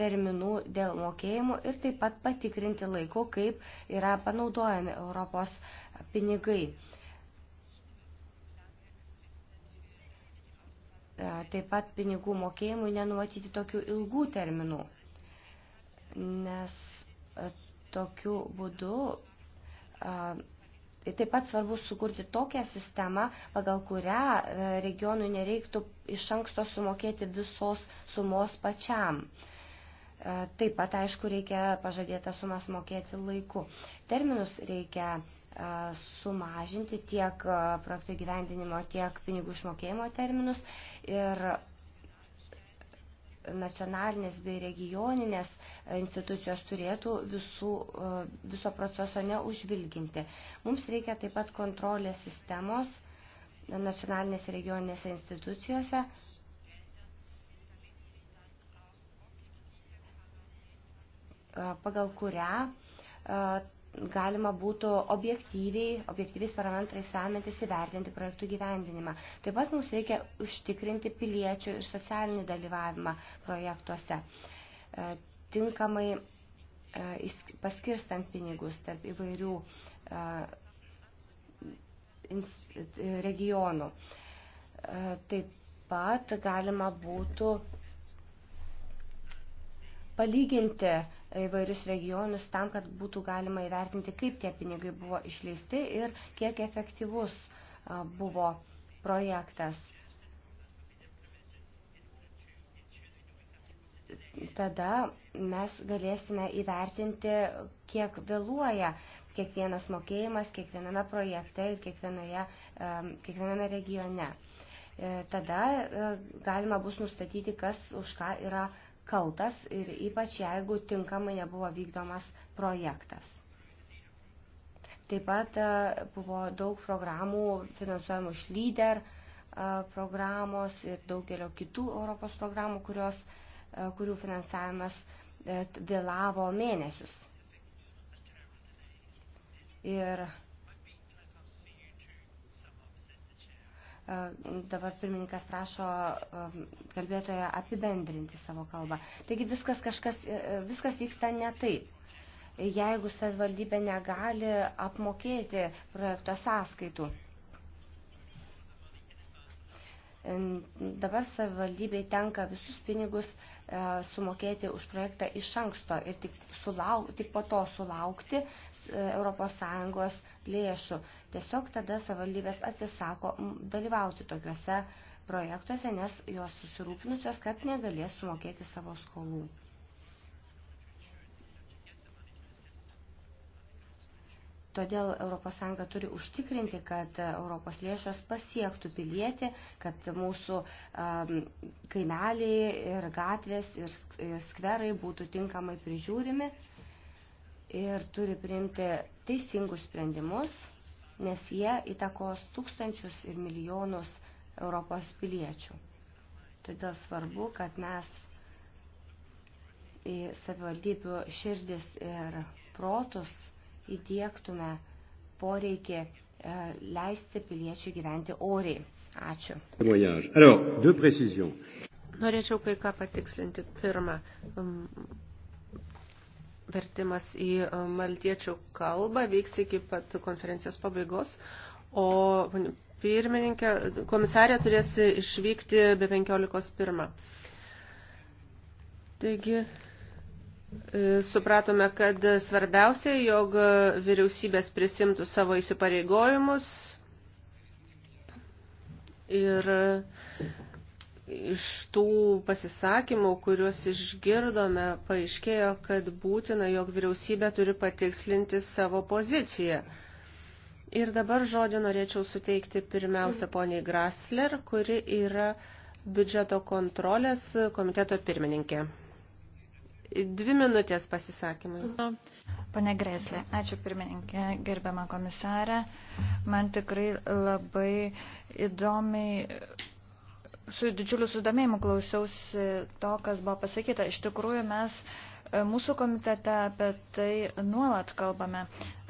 terminų dėl mokėjimų ir taip pat patikrinti laiku, kaip yra panaudojami Europos pinigai. E, taip pat pinigų mokėjimui nenumatyti tokių ilgų terminų, nes e, tokiu būdu e, taip pat svarbu sukurti tokią sistemą, pagal kurią regionui nereiktų iš anksto sumokėti visos sumos pačiam. Taip pat, aišku, reikia pažadėtą sumas mokėti laiku. Terminus reikia sumažinti tiek projektų gyvendinimo, tiek pinigų išmokėjimo terminus ir nacionalinės bei regioninės institucijos turėtų visų, viso proceso neužvilginti. Mums reikia taip pat kontrolės sistemos nacionalinės ir regioninėse institucijose. pagal kurią galima būtų objektyviai, objektyviais parametrais remiantis įvertinti projektų gyvendinimą. Taip pat mums reikia užtikrinti piliečių ir socialinį dalyvavimą projektuose, e, tinkamai e, paskirstant pinigus tarp įvairių e, regionų. Taip pat galima būtų palyginti įvairius regionus tam, kad būtų galima įvertinti, kaip tie pinigai buvo išleisti ir kiek efektyvus buvo projektas. Tada mes galėsime įvertinti, kiek vėluoja kiekvienas mokėjimas kiekviename projekte ir kiekvienoje, kiekviename regione. E, tada galima bus nustatyti, kas už ką yra kaltas ir ypač jeigu tinkamai nebuvo vykdomas projektas. Taip pat e, buvo daug programų finansuojamų iš lyder e, programos ir daugelio kitų Europos programų, kurios, e, kurių finansavimas vėlavo mėnesius. Ir E, dabar pirmininkas prašo e, kalbėtoje apibendrinti savo kalbą. Taigi viskas, kažkas, e, viskas vyksta ne taip. Jeigu savivaldybė negali apmokėti projekto sąskaitų. Dabar savivaldybei tenka visus pinigus e, sumokėti už projektą iš anksto ir tik, sulauk, tik po to sulaukti ES e, lėšų. Tiesiog tada savivaldybės atsisako dalyvauti tokiuose projektuose, nes jos susirūpinusios, kad negalės sumokėti savo skolų. Todėl ES turi užtikrinti, kad Europos lėšos pasiektų pilietį, kad mūsų kaimeliai ir gatvės ir skverai būtų tinkamai prižiūrimi ir turi priimti teisingus sprendimus, nes jie įtakos tūkstančius ir milijonus Europos piliečių. Todėl svarbu, kad mes į savivaldybių širdis ir protus įdėktume poreikį e, leisti piliečių gyventi oriai. Ačiū. Norėčiau kai ką patikslinti. Pirma, vertimas į e, maltiečių kalbą vyks iki pat konferencijos pabaigos, o pirmininkė, komisarė turės išvykti be 15.1. Taigi, E, supratome, kad svarbiausia, jog vyriausybės prisimtų savo įsipareigojimus ir iš tų pasisakymų, kuriuos išgirdome, paaiškėjo, kad būtina, jog vyriausybė turi patikslinti savo poziciją. Ir dabar žodį norėčiau suteikti pirmiausia poniai Grasler, kuri yra biudžeto kontrolės komiteto pirmininkė. Dvi minutės pasisakymai. Pane Greslė, ačiū pirmininkė, gerbiama komisarė. Man tikrai labai įdomiai, su didžiuliu sudomėjimu klausiausi to, kas buvo pasakyta. Iš tikrųjų, mes uh, Mūsų komitete apie tai nuolat kalbame.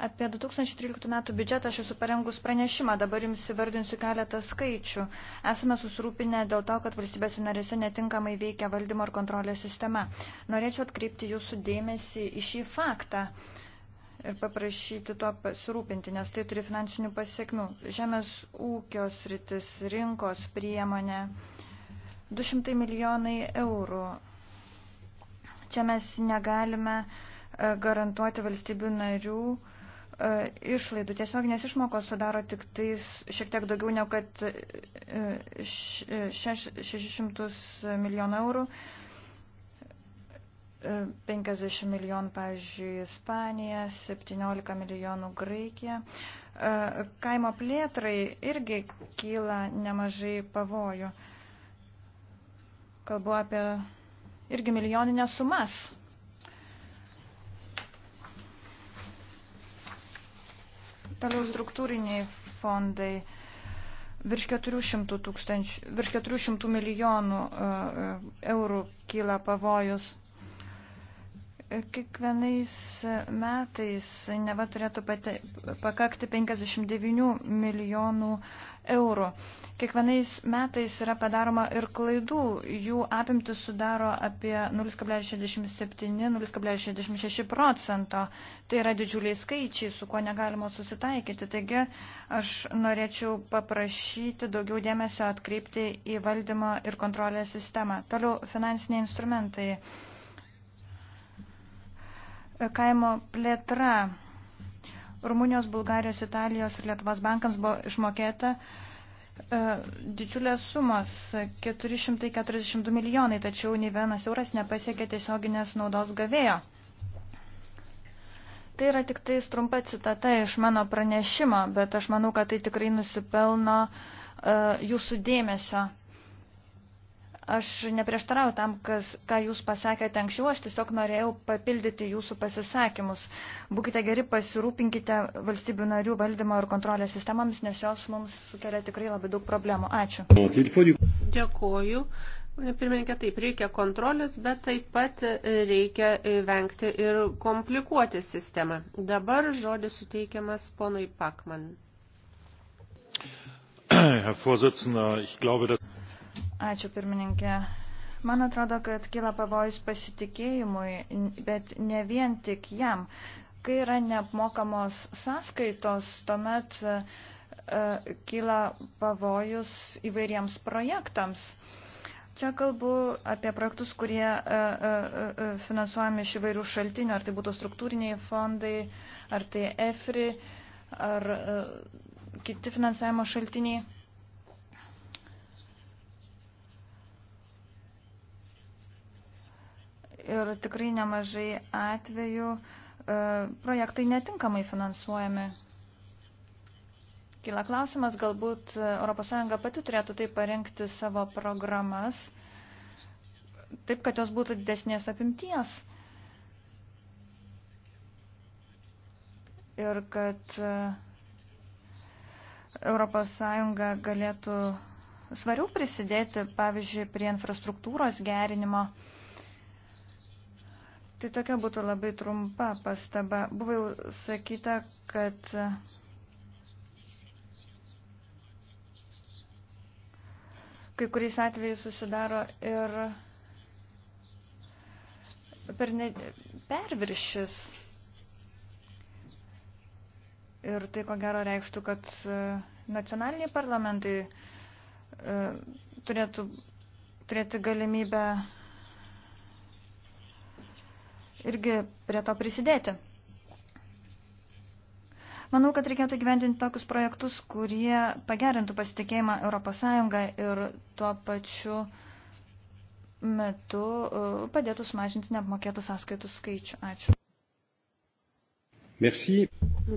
Apie 2013 metų biudžetą aš esu parengus pranešimą, dabar jums įvardinsiu keletą skaičių. Esame susirūpinę dėl to, kad valstybės narėse netinkamai veikia valdymo ir kontrolės sistema. Norėčiau atkreipti jūsų dėmesį į šį faktą ir paprašyti tuo pasirūpinti, nes tai turi finansinių pasiekmių. Žemės ūkio sritis, rinkos priemonė, 200 milijonai eurų Čia mes negalime e, garantuoti valstybių narių e, išlaidų. Tiesioginės išmokos sudaro tik tais šiek tiek daugiau negu kad 600 e, milijonų eurų. 50 milijonų, pavyzdžiui, Ispanija, 17 milijonų Graikija. Kaimo plėtrai irgi kyla nemažai pavojų. Kalbu apie irgi milijoninės sumas. Toliau struktūriniai fondai virš 400, tūkstančių, virš 400 milijonų e, e, eurų kyla pavojus kiekvienais metais neva turėtų pati, pakakti 59 milijonų eurų. Kiekvienais metais yra padaroma ir klaidų, jų apimtis sudaro apie 0,67-0,66 procento. Tai yra didžiuliai skaičiai, su kuo negalima susitaikyti. Taigi aš norėčiau paprašyti daugiau dėmesio atkreipti į valdymo ir kontrolės sistemą. Toliau finansiniai instrumentai kaimo plėtra. Rumunijos, Bulgarijos, Italijos ir Lietuvos bankams buvo išmokėta e, didžiulės sumos - 442 milijonai, tačiau nei vienas euras nepasiekė tiesioginės naudos gavėjo. Tai yra tik tai trumpa citata iš mano pranešimo, bet aš manau, kad tai tikrai nusipelno uh, jūsų dėmesio. Aš neprieštarauju tam, kas, ką jūs pasakėte anksčiau, aš tiesiog norėjau papildyti jūsų pasisakymus. Būkite geri, pasirūpinkite valstybių narių valdymo ir kontrolės sistemams, nes jos mums sukelia tikrai labai daug problemų. Ačiū. Dėkuoju. Pirmininkė, taip reikia kontrolės, bet taip pat reikia vengti ir komplikuoti sistemą. Dabar žodis suteikiamas ponui Pakman. Herr Vorsitzender, ich glaube, dass Ačiū pirmininkė. Man atrodo, kad kyla pavojus pasitikėjimui, bet ne vien tik jam. Kai yra neapmokamos sąskaitos, tuomet uh, kyla pavojus įvairiems projektams. Čia kalbu apie projektus, kurie uh, uh, finansuojami iš įvairių šaltinių, ar tai būtų struktūriniai fondai, ar tai EFRI, ar kiti finansavimo šaltiniai. ir tikrai nemažai atvejų e, projektai netinkamai finansuojami. Kila klausimas, galbūt ES pati turėtų taip parengti savo programas, taip, kad jos būtų didesnės apimties. Ir kad ES galėtų svariau prisidėti, pavyzdžiui, prie infrastruktūros gerinimo. Tai tokia būtų labai trumpa pastaba. Buvo jau sakyta, kad kai kuriais atvejais susidaro ir per ne, perviršis. Ir tai ko gero reikštų, kad e, nacionaliniai parlamentai e, turėtų turėti galimybę irgi prie to prisidėti. Manau, kad reikėtų gyvendinti tokius projektus, kurie pagerintų pasitikėjimą ES ir tuo pačiu metu uh, padėtų sumažinti neapmokėtų sąskaitų skaičių. Ačiū. Merci.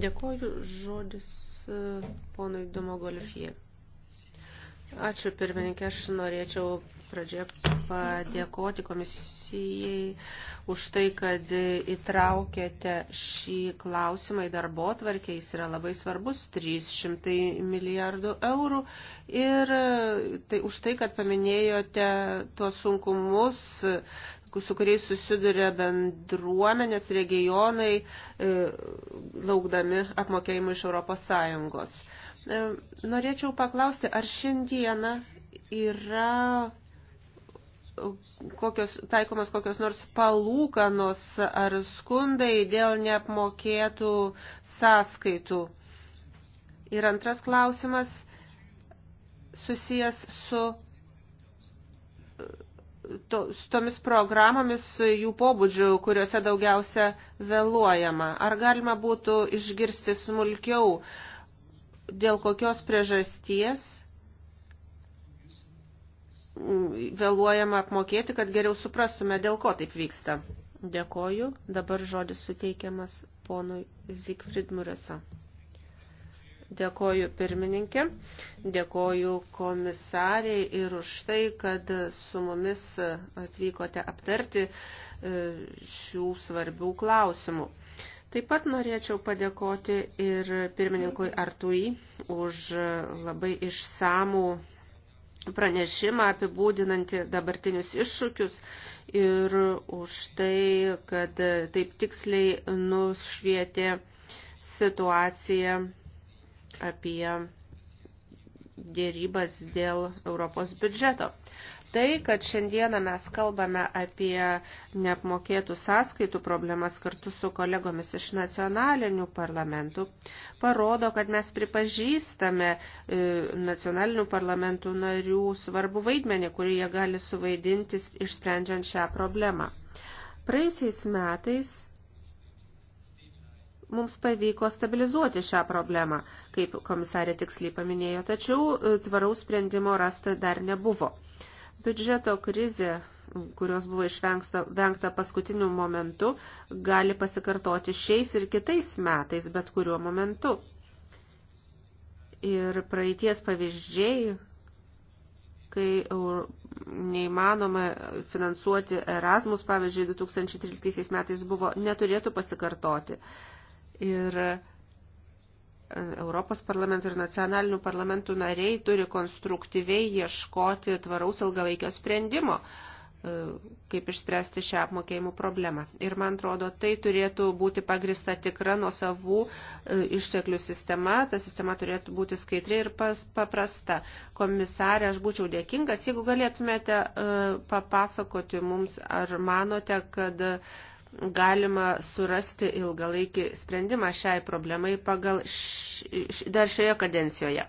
Dėkuoju žodis uh, ponui Domo Golfijai. Ačiū pirmininkė, aš norėčiau pradžioje padėkoti komisijai už tai, kad įtraukėte šį klausimą į darbo tvarkę. Jis yra labai svarbus - 300 milijardų eurų. Ir tai, už tai, kad paminėjote tuos sunkumus, su kuriais susiduria bendruomenės regionai, laukdami apmokėjimų iš Europos Sąjungos. E, norėčiau paklausti, ar šiandieną yra kokios, taikomos kokios nors palūkanos ar skundai dėl neapmokėtų sąskaitų. Ir antras klausimas susijęs su, to, su tomis programomis, jų pobūdžių, kuriuose daugiausia vėluojama. Ar galima būtų išgirsti smulkiau uh, dėl kokios priežasties vėluojama apmokėti, kad geriau suprastume, dėl ko taip vyksta. Dėkoju. Dabar žodis suteikiamas ponui Zigfrid Muresa. Dėkoju pirmininkė, dėkoju komisariai ir už tai, kad su mumis atvykote aptarti e, šių svarbių klausimų. Taip pat norėčiau padėkoti ir pirmininkui Artui už labai išsamų pranešimą apibūdinantį dabartinius iššūkius ir už tai, kad taip tiksliai nušvietė situaciją apie dėrybas dėl Europos biudžeto tai, kad šiandieną mes kalbame apie neapmokėtų sąskaitų problemas kartu su kolegomis iš nacionalinių parlamentų, parodo, kad mes pripažįstame e, nacionalinių parlamentų narių svarbu vaidmenį, kurį jie gali suvaidinti išsprendžiant šią problemą. Praėjusiais metais mums pavyko stabilizuoti šią problemą, kaip komisarė tiksliai paminėjo, tačiau e, tvaraus sprendimo rasta dar nebuvo. Biudžeto krizė, kurios buvo išvengta vengta paskutiniu momentu, gali pasikartoti šiais ir kitais metais, bet kuriuo momentu. Ir praeities pavyzdžiai, kai neįmanoma finansuoti Erasmus, pavyzdžiui, 2013 metais buvo, neturėtų pasikartoti. Ir Europos parlamento ir nacionalinių parlamentų nariai turi konstruktyviai ieškoti tvaraus ilgalaikio sprendimo, e, kaip išspręsti šią apmokėjimų problemą. Ir man atrodo, tai turėtų būti pagrista tikra nuo savų e, išteklių sistema, ta sistema turėtų būti skaidri ir pas, paprasta. Komisarė, aš būčiau dėkingas, jeigu galėtumėte e, papasakoti mums, ar manote, kad galima surasti ilgalaikį sprendimą šiai problemai pagal š... dar šioje kadencijoje.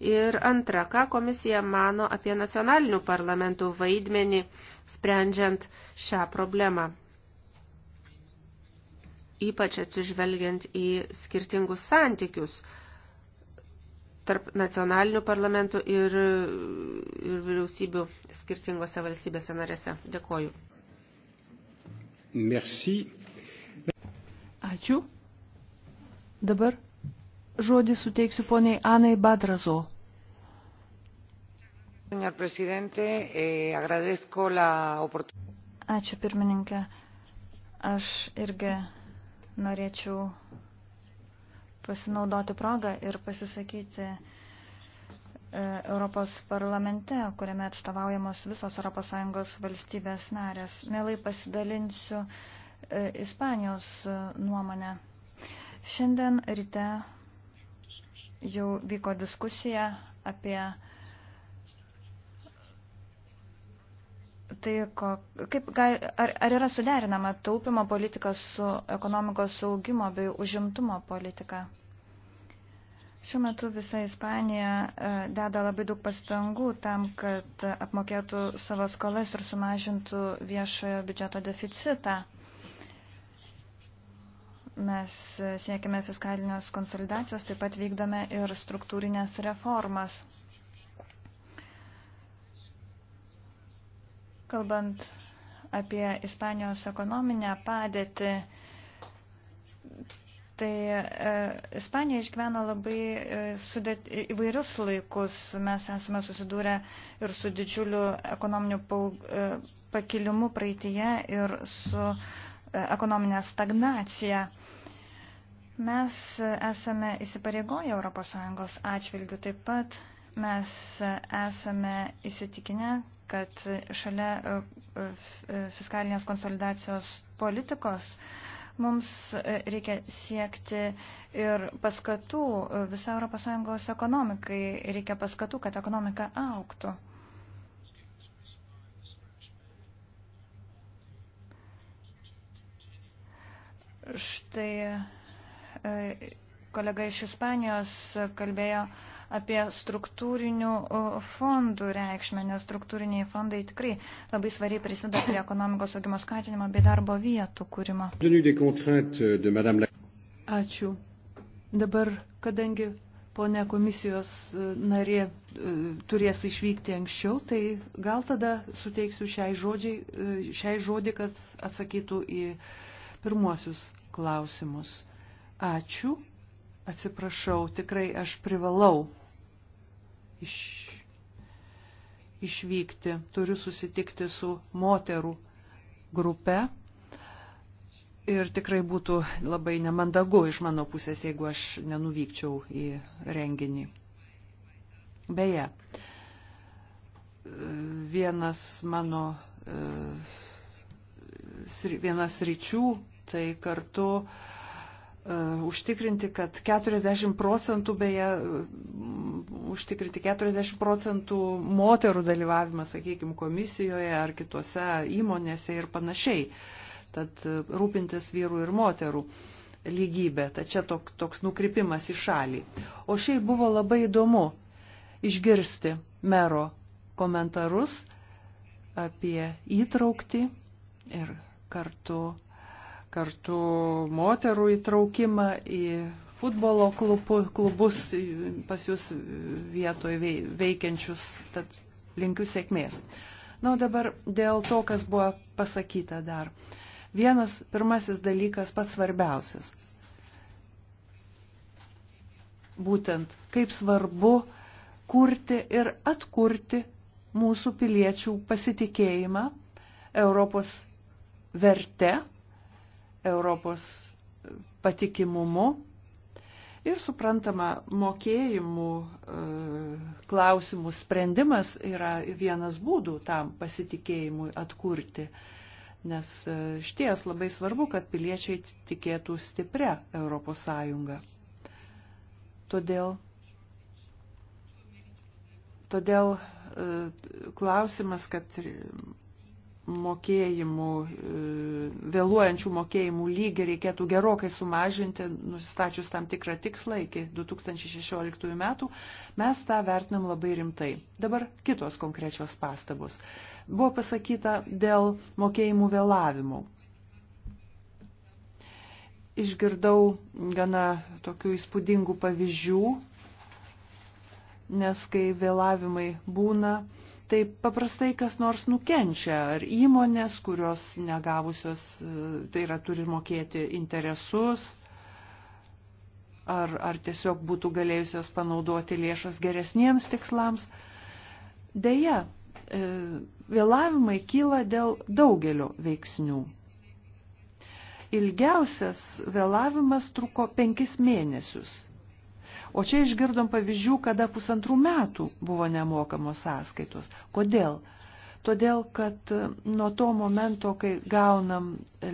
Ir antra, ką komisija mano apie nacionalinių parlamentų vaidmenį sprendžiant šią problemą, ypač atsižvelgiant į skirtingus santykius tarp nacionalinių parlamentų ir, ir vyriausybių skirtingose valstybėse narėse. Dėkoju. Merci. Ačiū. Dabar žodį suteiksiu poniai Anai Badrazo. Eh, Ačiū pirmininkė. Aš irgi norėčiau pasinaudoti progą ir pasisakyti E, Europos parlamente, kuriame atstovaujamos visos ES valstybės narės. Mielai pasidalinsiu e, Ispanijos e, nuomonę. Šiandien ryte jau vyko diskusija apie tai, ko, kaip, ar, ar yra suderinama taupimo politika su ekonomikos saugimo bei užimtumo politika. Šiuo metu visa Ispanija e, deda labai daug pastangų tam, kad apmokėtų savo skolas ir sumažintų viešojo biudžeto deficitą. Mes siekime fiskalinės konsolidacijos, taip pat vykdome ir struktūrinės reformas. Kalbant apie Ispanijos ekonominę padėtį, Tai e, Ispanija išgyvena labai e, sudėt, įvairius laikus. Mes esame susidūrę ir su didžiuliu ekonominiu e, pakilimu praeitie ir su ekonominė stagnacija. Mes esame įsipareigoję ES atžvilgių, taip pat mes esame įsitikinę, kad šalia fiskalinės konsolidacijos politikos Mums e, reikia siekti ir paskatų e, visą ES ekonomikai, reikia paskatų, kad ekonomika auktų. Štai e, kolega iš Ispanijos kalbėjo apie struktūrinių fondų reikšmę, nes struktūriniai fondai tikrai labai svariai prisideda prie ekonomikos augimo skatinimo bei darbo vietų kūrimo. Ačiū. Dabar, kadangi ponia komisijos e, narė e, turės išvykti anksčiau, tai gal tada suteiksiu šiai, žodžiai, e, šiai žodį, kad atsakytų į pirmuosius klausimus. Ačiū. Atsiprašau, tikrai aš privalau iš, išvykti, turiu susitikti su moterų grupe. Ir tikrai būtų labai nemandagu iš mano pusės, jeigu aš nenuvykčiau į renginį. Beje, vienas mano, vienas ryčių, tai kartu užtikrinti, kad 40 procentų beje užtikrinti 40 procentų moterų dalyvavimą, sakykime, komisijoje ar kitose įmonėse ir panašiai. Tad e, rūpintis vyrų ir moterų lygybė. Tad čia tok, toks nukrypimas į šalį. O šiaip buvo labai įdomu išgirsti mero komentarus apie įtraukti ir kartu, kartu moterų įtraukimą į futbolo klubu, klubus pas jūs vietoje veikiančius. Tad linkiu sėkmės. Na, o dabar dėl to, kas buvo pasakyta dar. Vienas pirmasis dalykas pats svarbiausias. Būtent kaip svarbu kurti ir atkurti mūsų piliečių pasitikėjimą Europos verte, Europos patikimumu Ir suprantama, mokėjimų e, klausimų sprendimas yra vienas būdų tam pasitikėjimui atkurti, nes e, šties labai svarbu, kad piliečiai tikėtų stiprią Europos Sąjungą. Todėl, todėl e, klausimas, kad mokėjimų, e, vėluojančių mokėjimų lygį reikėtų gerokai sumažinti, nusistačius tam tikrą tikslą iki 2016 metų, mes tą vertinam labai rimtai. Dabar kitos konkrečios pastabos. Buvo pasakyta dėl mokėjimų vėlavimų. Išgirdau gana tokių įspūdingų pavyzdžių, nes kai vėlavimai būna, tai paprastai kas nors nukenčia, ar įmonės, kurios negavusios, e, tai yra turi mokėti interesus, ar, ar tiesiog būtų galėjusios panaudoti lėšas geresniems tikslams. Deja, e, vėlavimai kyla dėl daugelio veiksnių. Ilgiausias vėlavimas truko penkis mėnesius O čia išgirdom pavyzdžių, kada pusantrų metų buvo nemokamos sąskaitos. Kodėl? Todėl, kad e, nuo to momento, kai gaunam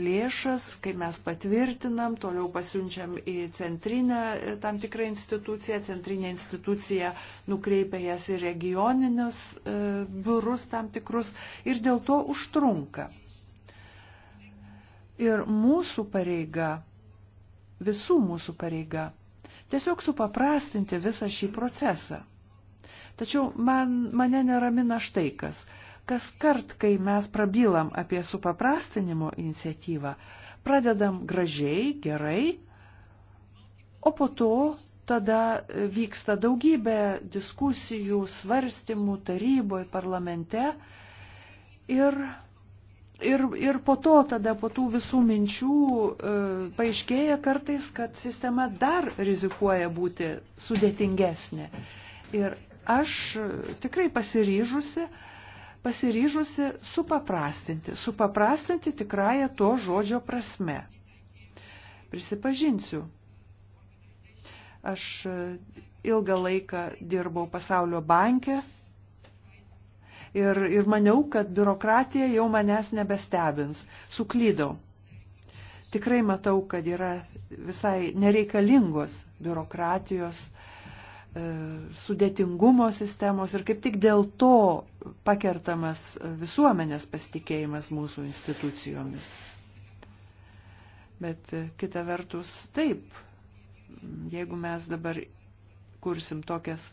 lėšas, kai mes patvirtinam, toliau pasiunčiam į centrinę e, tam tikrą instituciją, centrinė institucija nukreipia jas į regioninius e, biurus tam tikrus ir dėl to užtrunka. Ir mūsų pareiga, visų mūsų pareiga tiesiog supaprastinti visą šį procesą. Tačiau man, mane neramina štai kas. Kas kart, kai mes prabylam apie supaprastinimo iniciatyvą, pradedam gražiai, gerai, o po to tada vyksta daugybė diskusijų, svarstymų taryboje, parlamente ir ir, ir po to tada, po tų visų minčių, e, paaiškėja kartais, kad sistema dar rizikuoja būti sudėtingesnė. Ir aš tikrai pasiryžusi, pasiryžusi supaprastinti, supaprastinti tikrąją to žodžio prasme. Prisipažinsiu, aš ilgą laiką dirbau pasaulio banke, ir, ir maniau, kad biurokratija jau manęs nebestebins. Suklydau. Tikrai matau, kad yra visai nereikalingos biurokratijos e, sudėtingumo sistemos ir kaip tik dėl to pakertamas visuomenės pasitikėjimas mūsų institucijomis. Bet e, kita vertus, taip, jeigu mes dabar kursim tokias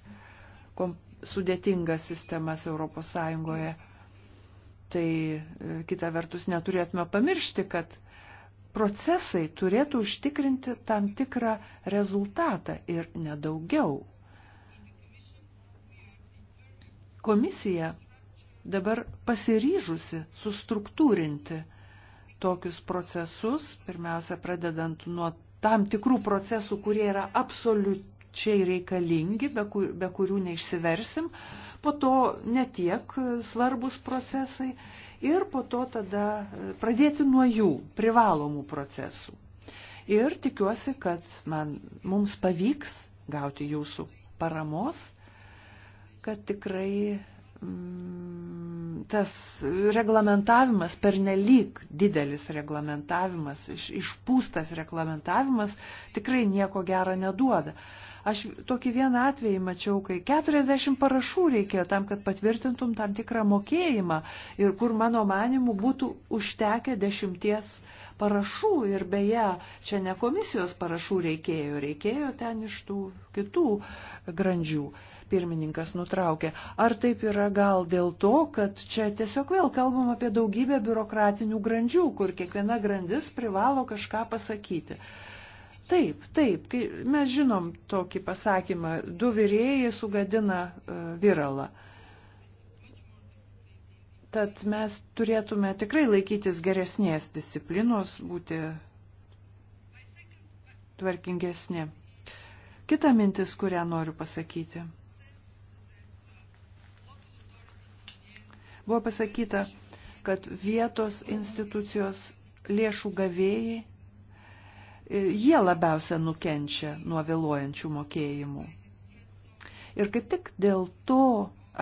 komp sudėtingas sistemas ES. Tai e, kita vertus neturėtume pamiršti, kad procesai turėtų užtikrinti tam tikrą rezultatą ir nedaugiau. Komisija dabar pasiryžusi sustruktūrinti tokius procesus, pirmiausia, pradedant nuo tam tikrų procesų, kurie yra absoliut, sparčiai reikalingi, be, kur, be kurių neišsiversim, po to netiek svarbus procesai ir po to tada e, pradėti nuo jų privalomų procesų. Ir tikiuosi, kad man, mums pavyks gauti jūsų paramos, kad tikrai mm, tas reglamentavimas, pernelyg didelis reglamentavimas, iš, išpūstas reglamentavimas tikrai nieko gero neduoda. Aš tokį vieną atvejį mačiau, kai 40 parašų reikėjo tam, kad patvirtintum tam tikrą mokėjimą ir kur mano manimu būtų užtekę dešimties parašų ir beje, čia ne komisijos parašų reikėjo, reikėjo ten iš tų kitų grandžių. Pirmininkas nutraukė. Ar taip yra gal dėl to, kad čia tiesiog vėl kalbam apie daugybę biurokratinių grandžių, kur kiekviena grandis privalo kažką pasakyti. Taip, taip, mes žinom tokį pasakymą, du vyrėjai sugadina e, viralą. Tad mes turėtume tikrai laikytis geresnės disciplinos, būti tvarkingesni. Kita mintis, kurią noriu pasakyti. Buvo pasakyta, kad vietos institucijos lėšų gavėjai E, jie labiausia nukenčia nuo vėluojančių mokėjimų. Ir kaip tik dėl to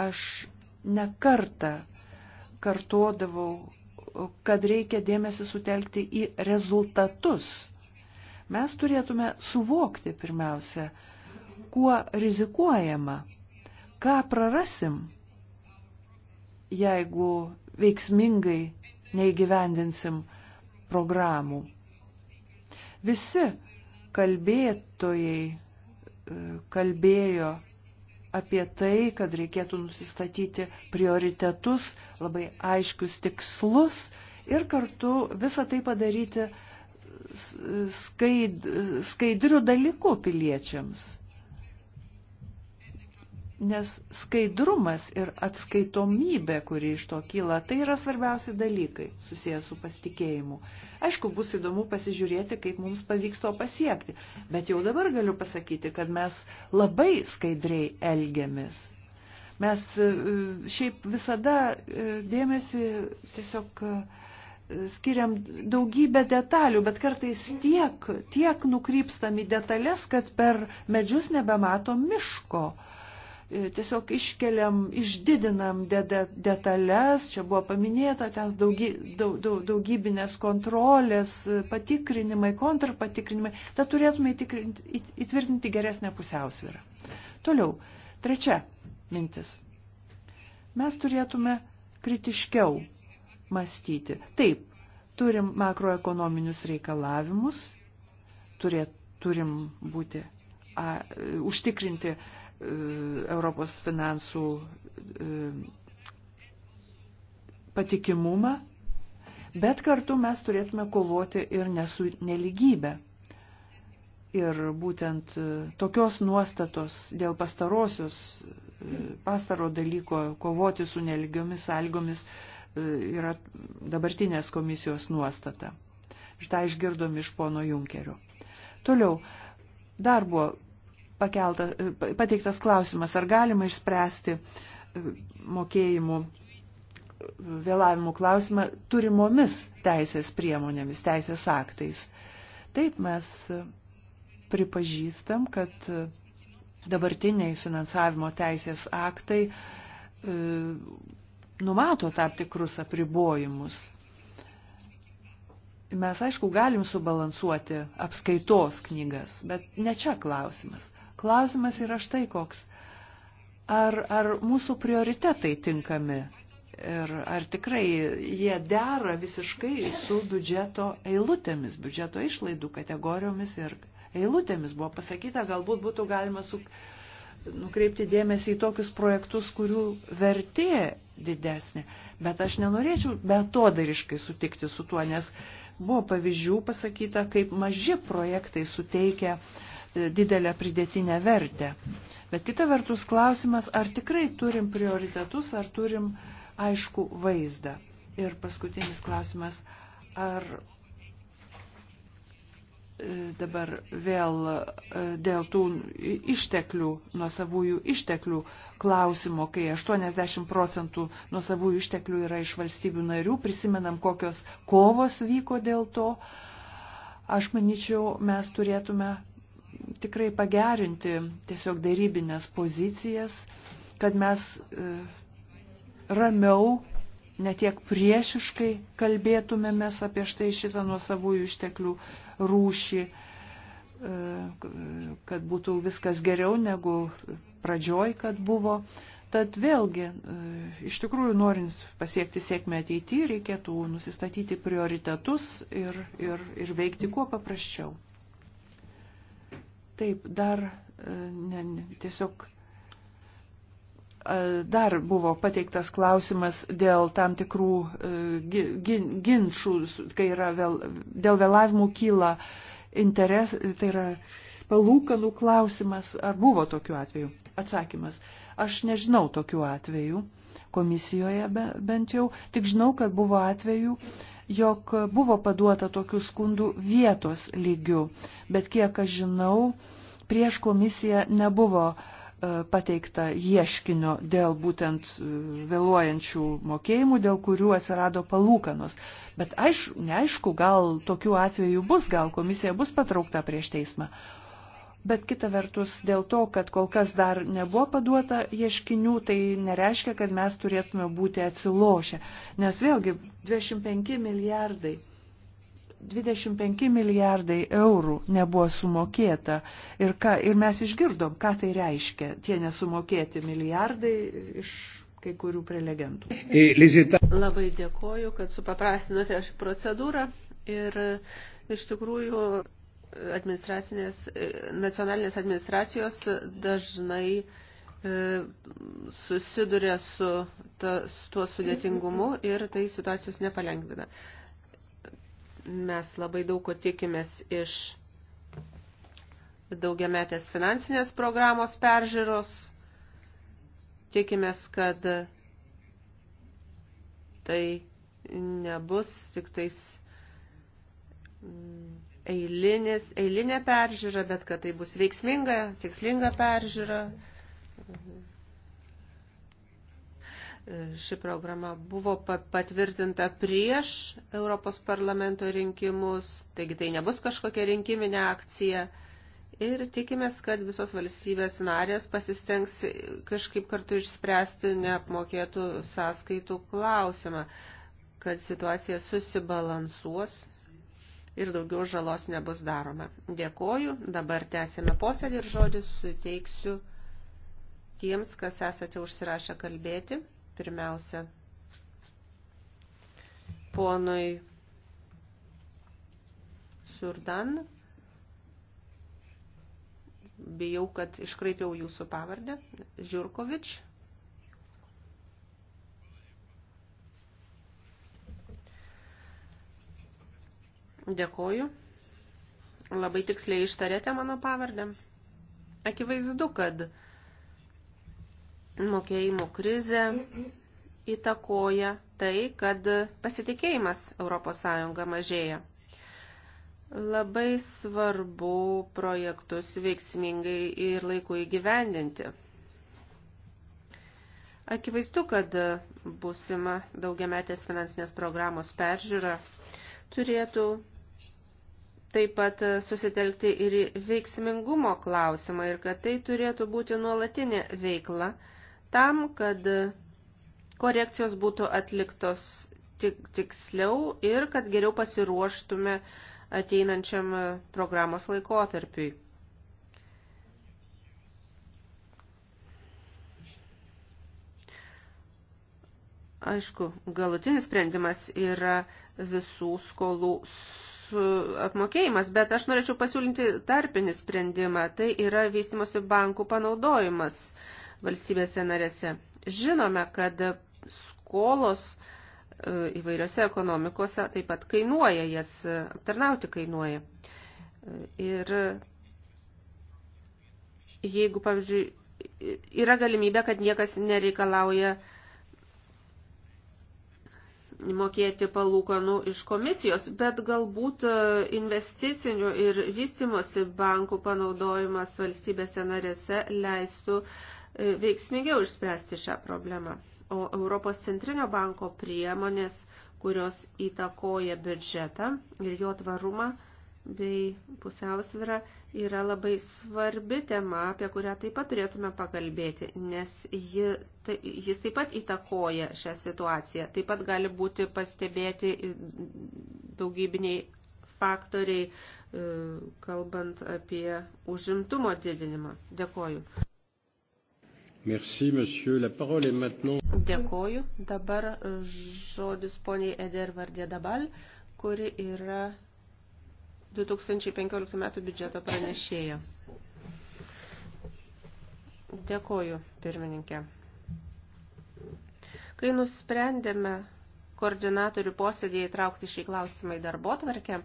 aš nekartą kartodavau, kad reikia dėmesį sutelkti į rezultatus. Mes turėtume suvokti pirmiausia, kuo rizikuojama, ką prarasim, jeigu veiksmingai neįgyvendinsim programų Visi kalbėtojai e, kalbėjo apie tai, kad reikėtų nusistatyti prioritetus, labai aiškius tikslus ir kartu visą tai padaryti skaid, skaidrių dalykų piliečiams. Nes skaidrumas ir atskaitomybė, kuri iš to kyla, tai yra svarbiausi dalykai susijęs su pasitikėjimu. Aišku, bus įdomu pasižiūrėti, kaip mums pavyks to pasiekti, bet jau dabar galiu pasakyti, kad mes labai skaidriai elgiamės. Mes e, šiaip visada e, dėmesį tiesiog e, skiriam daugybę detalių, bet kartais tiek, tiek nukrypstam į detalės, kad per medžius nebematom miško. Uh, tiesiog iškeliam, išdidinam detalės, čia buvo paminėta, ten daugy, daug, daug, daugybinės kontrolės, patikrinimai, kontrpatikrinimai, tad turėtume įtvirtinti geresnę pusiausvyrą. Toliau, trečia mintis. Mes turėtume kritiškiau mąstyti. Taip, turim makroekonominius reikalavimus, turėt, turim būti, a, užtikrinti a, E, Europos finansų e, patikimumą, bet kartu mes turėtume kovoti ir nesu neligybę. Ir būtent e, tokios nuostatos dėl pastarosios, pastaro dalyko kovoti su neligiomis sąlygomis yra dabartinės komisijos nuostata. Štai išgirdom iš pono Junkerio. Toliau, dar buvo pakelta, pateiktas klausimas, ar galima išspręsti mokėjimų vėlavimų klausimą turimomis teisės priemonėmis, teisės aktais. Taip mes pripažįstam, kad dabartiniai finansavimo teisės aktai e, numato tam tikrus apribojimus. Mes, aišku, galim subalansuoti apskaitos knygas, bet ne čia klausimas. Klausimas yra štai koks. Ar, ar mūsų prioritetai tinkami? Ir ar tikrai jie dera visiškai su biudžeto eilutėmis, biudžeto išlaidų kategorijomis ir eilutėmis buvo pasakyta, galbūt būtų galima su, nukreipti dėmesį į tokius projektus, kurių vertė didesnė. Bet aš nenorėčiau betodariškai sutikti su tuo, nes buvo pavyzdžių pasakyta, kaip maži projektai suteikia uh, didelę pridėtinę vertę. Bet kita vertus klausimas, ar tikrai turim prioritetus, ar turim aišku vaizdą. Ir paskutinis klausimas, ar e, dabar vėl e, dėl tų išteklių, nuo savųjų išteklių klausimo, kai 80 procentų nuo savųjų išteklių yra iš valstybių narių, prisimenam, kokios kovos vyko dėl to. Aš manyčiau, mes turėtume tikrai pagerinti tiesiog darybinės pozicijas, kad mes e, ramiau, netiek priešiškai kalbėtumėmės apie štai šitą nuosavųjų išteklių rūšį, e, kad būtų viskas geriau negu pradžioj, kad buvo. Tad vėlgi, e, iš tikrųjų, norint pasiekti sėkmę ateityje, reikėtų nusistatyti prioritetus ir, ir, ir veikti kuo paprasčiau. Taip, dar e, ne, ne, tiesiog e, dar buvo pateiktas klausimas dėl tam tikrų e, ginčių, kai yra vėl, dėl vėlavimų kyla interes, tai yra palūkanų klausimas, ar buvo tokių atvejų. Atsakymas, aš nežinau tokių atvejų komisijoje bent jau, tik žinau, kad buvo atvejų, jog buvo paduota tokių skundų vietos lygių, bet kiek aš žinau, prieš komisiją nebuvo e, pateikta ieškinio dėl būtent e, vėluojančių mokėjimų, dėl kurių atsirado palūkanos. Bet aišku, neaišku, gal tokių atvejų bus, gal komisija bus patraukta prieš teismą. Bet kita vertus, dėl to, kad kol kas dar nebuvo paduota ieškinių, tai nereiškia, kad mes turėtume būti atsilošę. Nes vėlgi 25 milijardai. 25 milijardai eurų nebuvo sumokėta ir, ką, ir mes išgirdom, ką tai reiškia tie nesumokėti milijardai iš kai kurių prelegentų. E, Labai dėkoju, kad supaprastinote šią procedūrą ir e, iš tikrųjų administracinės, e, nacionalinės administracijos dažnai e, susiduria su, ta, su tuo sudėtingumu ir tai situacijos nepalengvina. Mes labai daug ko tikimės iš daugiametės finansinės programos peržiūros. Tikimės, kad tai nebus tik tais mm, eilinis, eilinė peržiūra, bet kad tai bus veiksminga, tikslinga peržiūra. Ši programa buvo patvirtinta prieš Europos parlamento rinkimus, taigi tai nebus kažkokia rinkiminė akcija. Ir tikimės, kad visos valstybės narės pasistengs kažkaip kartu išspręsti neapmokėtų sąskaitų klausimą, kad situacija susibalansuos ir daugiau žalos nebus daroma. Dėkoju, dabar tęsime posėdį ir žodį suteiksiu tiems, kas esate užsirašę kalbėti. Pirmiausia, ponui Surdan. Bijau, kad iškraipiau jūsų pavardę. Žiurkovič. Dėkoju. Labai tiksliai ištarėte mano pavardę. Akivaizdu, kad mokėjimų krizė įtakoja tai, kad pasitikėjimas ES mažėja. Labai svarbu projektus veiksmingai ir laiku įgyvendinti. Akivaizdu, kad busima daugiametės finansinės programos peržiūra turėtų taip pat e, susitelkti ir veiksmingumo klausimą ir kad tai turėtų būti nuolatinė veikla tam, kad e, korekcijos būtų atliktos tik, tiksliau ir kad geriau pasiruoštume ateinančiam e, programos laikotarpiui. Aišku, galutinis sprendimas yra visų skolų apmokėjimas, bet aš norėčiau pasiūlinti tarpinį sprendimą. Tai yra vystimosi bankų panaudojimas valstybėse narėse. Žinome, kad skolos e, įvairiose ekonomikose taip pat kainuoja, jas aptarnauti kainuoja. E, ir jeigu, pavyzdžiui, yra galimybė, kad niekas nereikalauja uh, mokėti palūkanų iš komisijos, bet galbūt e, investicinių ir vystimosi bankų panaudojimas valstybėse narėse leistų e, veiksmingiau išspręsti šią problemą. O Europos centrinio banko priemonės, kurios įtakoja biudžetą ir jo tvarumą bei pusiausvyrą, yra labai svarbi tema, apie kurią taip pat turėtume pakalbėti, nes ji, ta, jis taip pat įtakoja šią situaciją. Taip pat gali būti pastebėti daugybiniai faktoriai, e, kalbant apie užimtumo didinimą. Dėkoju. Merci, monsieur. La parole est maintenant. Dėkoju. Dabar žodis poniai Eder Vardė Dabal, kuri yra 2015 metų biudžeto pranešėja. Dėkoju, pirmininkė. Kai nusprendėme koordinatorių posėdėje įtraukti šį klausimą į darbo tvarkę,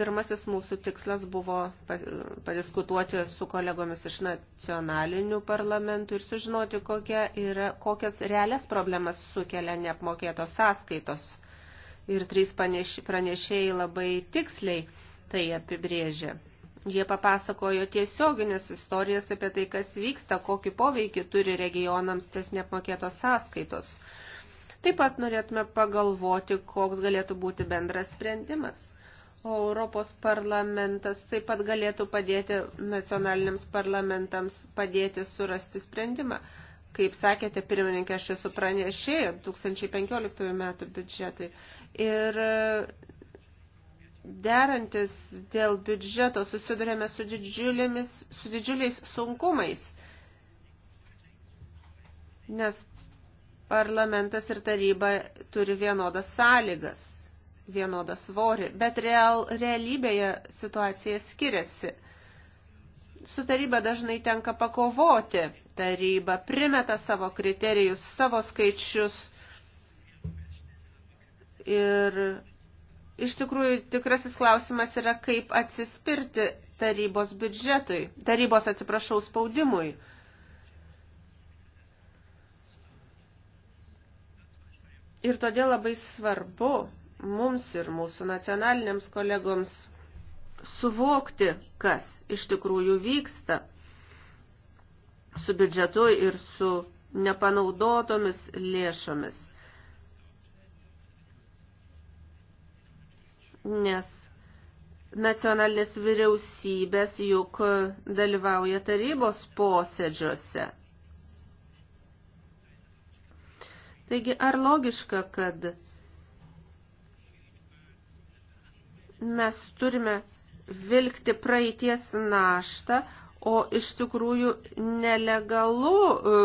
pirmasis mūsų tikslas buvo padiskutuoti su kolegomis iš nacionalinių parlamentų ir sužinoti, kokia yra, kokias realias problemas sukelia neapmokėtos sąskaitos – ir trys pranešėjai labai tiksliai tai apibrėžė. Jie papasakojo tiesioginės istorijas apie tai, kas vyksta, kokį poveikį turi regionams tas neapmokėtos sąskaitos. Taip pat norėtume pagalvoti, koks galėtų būti bendras sprendimas. O Europos parlamentas taip pat galėtų padėti nacionaliniams parlamentams padėti surasti sprendimą. Kaip sakėte, pirmininkė, aš esu pranešėję 2015 metų biudžetai. Ir e, derantis dėl biudžeto susidurėme su, su didžiuliais sunkumais, nes parlamentas ir taryba turi vienodas sąlygas, vienodas svorį, bet real, realybėje situacija skiriasi – su taryba dažnai tenka pakovoti. Taryba primeta savo kriterijus, savo skaičius. Ir iš tikrųjų tikrasis klausimas yra, kaip atsispirti tarybos biudžetui, tarybos atsiprašau spaudimui. Ir todėl labai svarbu mums ir mūsų nacionaliniams kolegoms suvokti, kas iš tikrųjų vyksta su biudžetu ir su nepanaudotomis lėšomis. Nes nacionalinės vyriausybės juk dalyvauja tarybos posėdžiuose. Taigi, ar logiška, kad mes turime vilkti praeities naštą, o iš tikrųjų nelegalu e,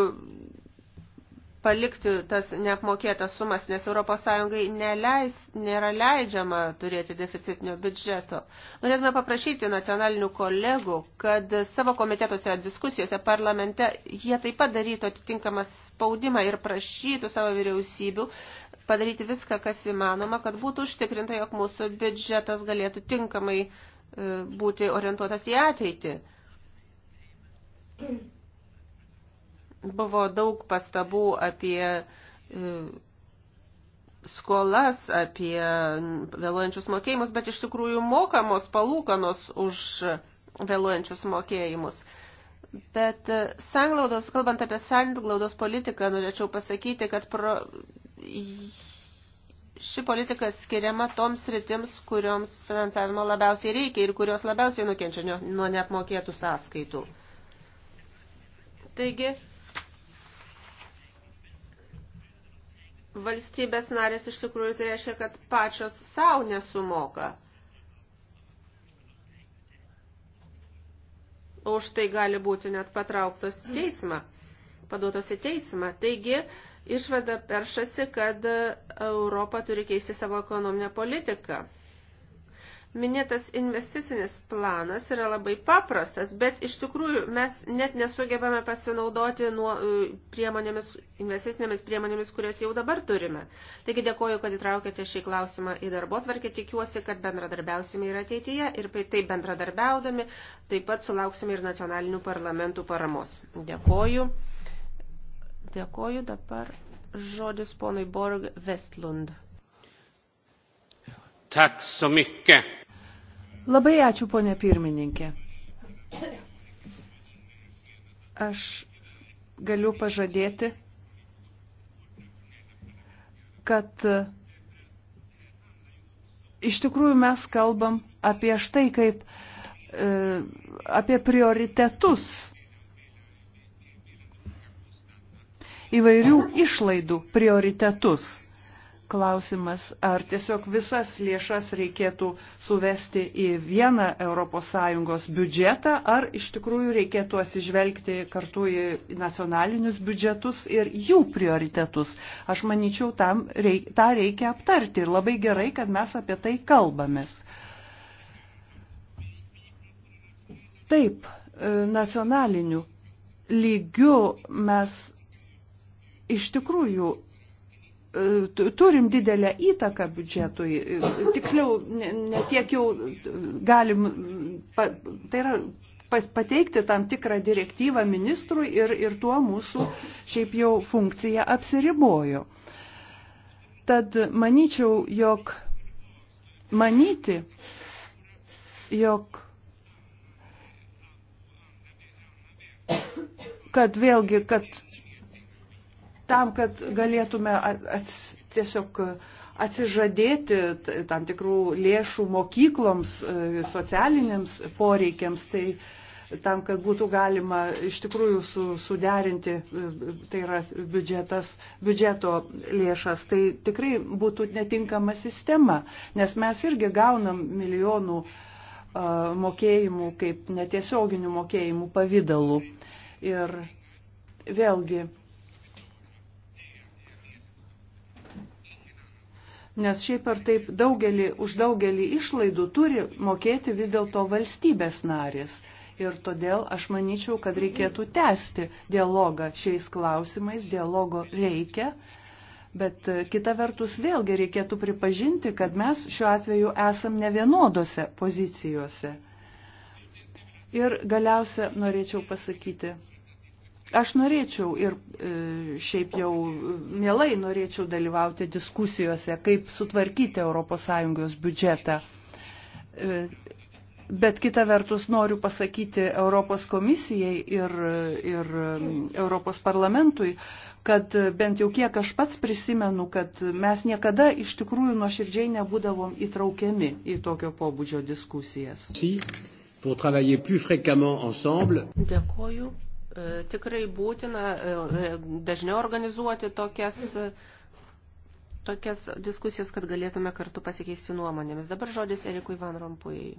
palikti tas neapmokėtas sumas, nes ES neleis, nėra leidžiama turėti deficitinio biudžeto. Norėtume paprašyti nacionalinių kolegų, kad savo komitetuose diskusijose parlamente jie taip pat darytų atitinkamą spaudimą ir prašytų savo vyriausybių padaryti viską, kas įmanoma, kad būtų užtikrinta, jog mūsų biudžetas galėtų tinkamai būti orientuotas į ateitį. Buvo daug pastabų apie e, skolas, apie vėluojančius mokėjimus, bet iš tikrųjų mokamos palūkanos už vėluojančius mokėjimus. Bet e, sanglaudos, kalbant apie sanglaudos politiką, norėčiau pasakyti, kad pro, ši politika skiriama toms sritims, kurioms finansavimo labiausiai reikia ir kurios labiausiai nukenčia nuo neapmokėtų sąskaitų. Taigi, valstybės narės iš tikrųjų tai reiškia, kad pačios savo nesumoka. O už tai gali būti net patrauktos teismą, paduotos į teismą. Taigi, išvada peršasi, kad Europa turi keisti savo ekonominę politiką. Minėtas investicinis planas yra labai paprastas, bet iš tikrųjų mes net nesugebame pasinaudoti nuo e, priemonėmis, investicinėmis priemonėmis, kurias jau dabar turime. Taigi dėkoju, kad įtraukėte šį klausimą į darbo tvarkę. Tikiuosi, kad bendradarbiausime ir ateityje ir tai, taip bendradarbiaudami taip pat sulauksime ir nacionalinių parlamentų paramos. Dėkoju. Dėkoju. Dabar žodis ponui Borg Vestlund. Tak so mykke. Labai ačiū, ponė pirmininkė. Aš galiu pažadėti, kad iš tikrųjų mes kalbam apie štai kaip, e, apie prioritetus įvairių išlaidų prioritetus. Klausimas, ar tiesiog visas lėšas reikėtų suvesti į vieną ES biudžetą, ar iš tikrųjų reikėtų atsižvelgti kartu į nacionalinius biudžetus ir jų prioritetus. Aš manyčiau, tam reik, tą reikia aptarti ir labai gerai, kad mes apie tai kalbamės. Taip, e, nacionaliniu lygiu mes iš tikrųjų e, turim didelę įtaką biudžetui, e, tiksliau netiek ne jau galim, pa, tai yra pateikti tam tikrą direktyvą ministrui ir, ir tuo mūsų šiaip jau funkcija apsiribojo. Tad manyčiau, jog manyti, jog kad vėlgi, kad tam, kad galėtume ats, tiesiog atsižadėti tam tikrų lėšų mokykloms, e, socialiniams poreikiams, tai tam, kad būtų galima iš tikrųjų su, suderinti, e, tai yra biudžetas, biudžeto lėšas, tai tikrai būtų netinkama sistema, nes mes irgi gaunam milijonų e, mokėjimų kaip netiesioginių mokėjimų pavydalu. Ir vėlgi Nes šiaip ar taip daugelį, už daugelį išlaidų turi mokėti vis dėlto valstybės narės. Ir todėl aš manyčiau, kad reikėtų tęsti dialogą šiais klausimais, dialogo reikia. Bet e, kita vertus vėlgi reikėtų pripažinti, kad mes šiuo atveju esam ne vienodose pozicijose. Ir galiausia norėčiau pasakyti Aš norėčiau ir e, šiaip jau mielai norėčiau dalyvauti diskusijose, kaip sutvarkyti ES biudžetą. E, bet kita vertus noriu pasakyti Europos komisijai ir, ir Europos parlamentui, kad bent jau kiek aš pats prisimenu, kad mes niekada iš tikrųjų nuoširdžiai nebūdavom įtraukiami į tokio pobūdžio diskusijas. Dėkoju. E, tikrai būtina e, e, dažniau organizuoti tokias, tokias diskusijas, kad galėtume kartu pasikeisti nuomonėmis. Dabar žodis Erikui Van Rompujai.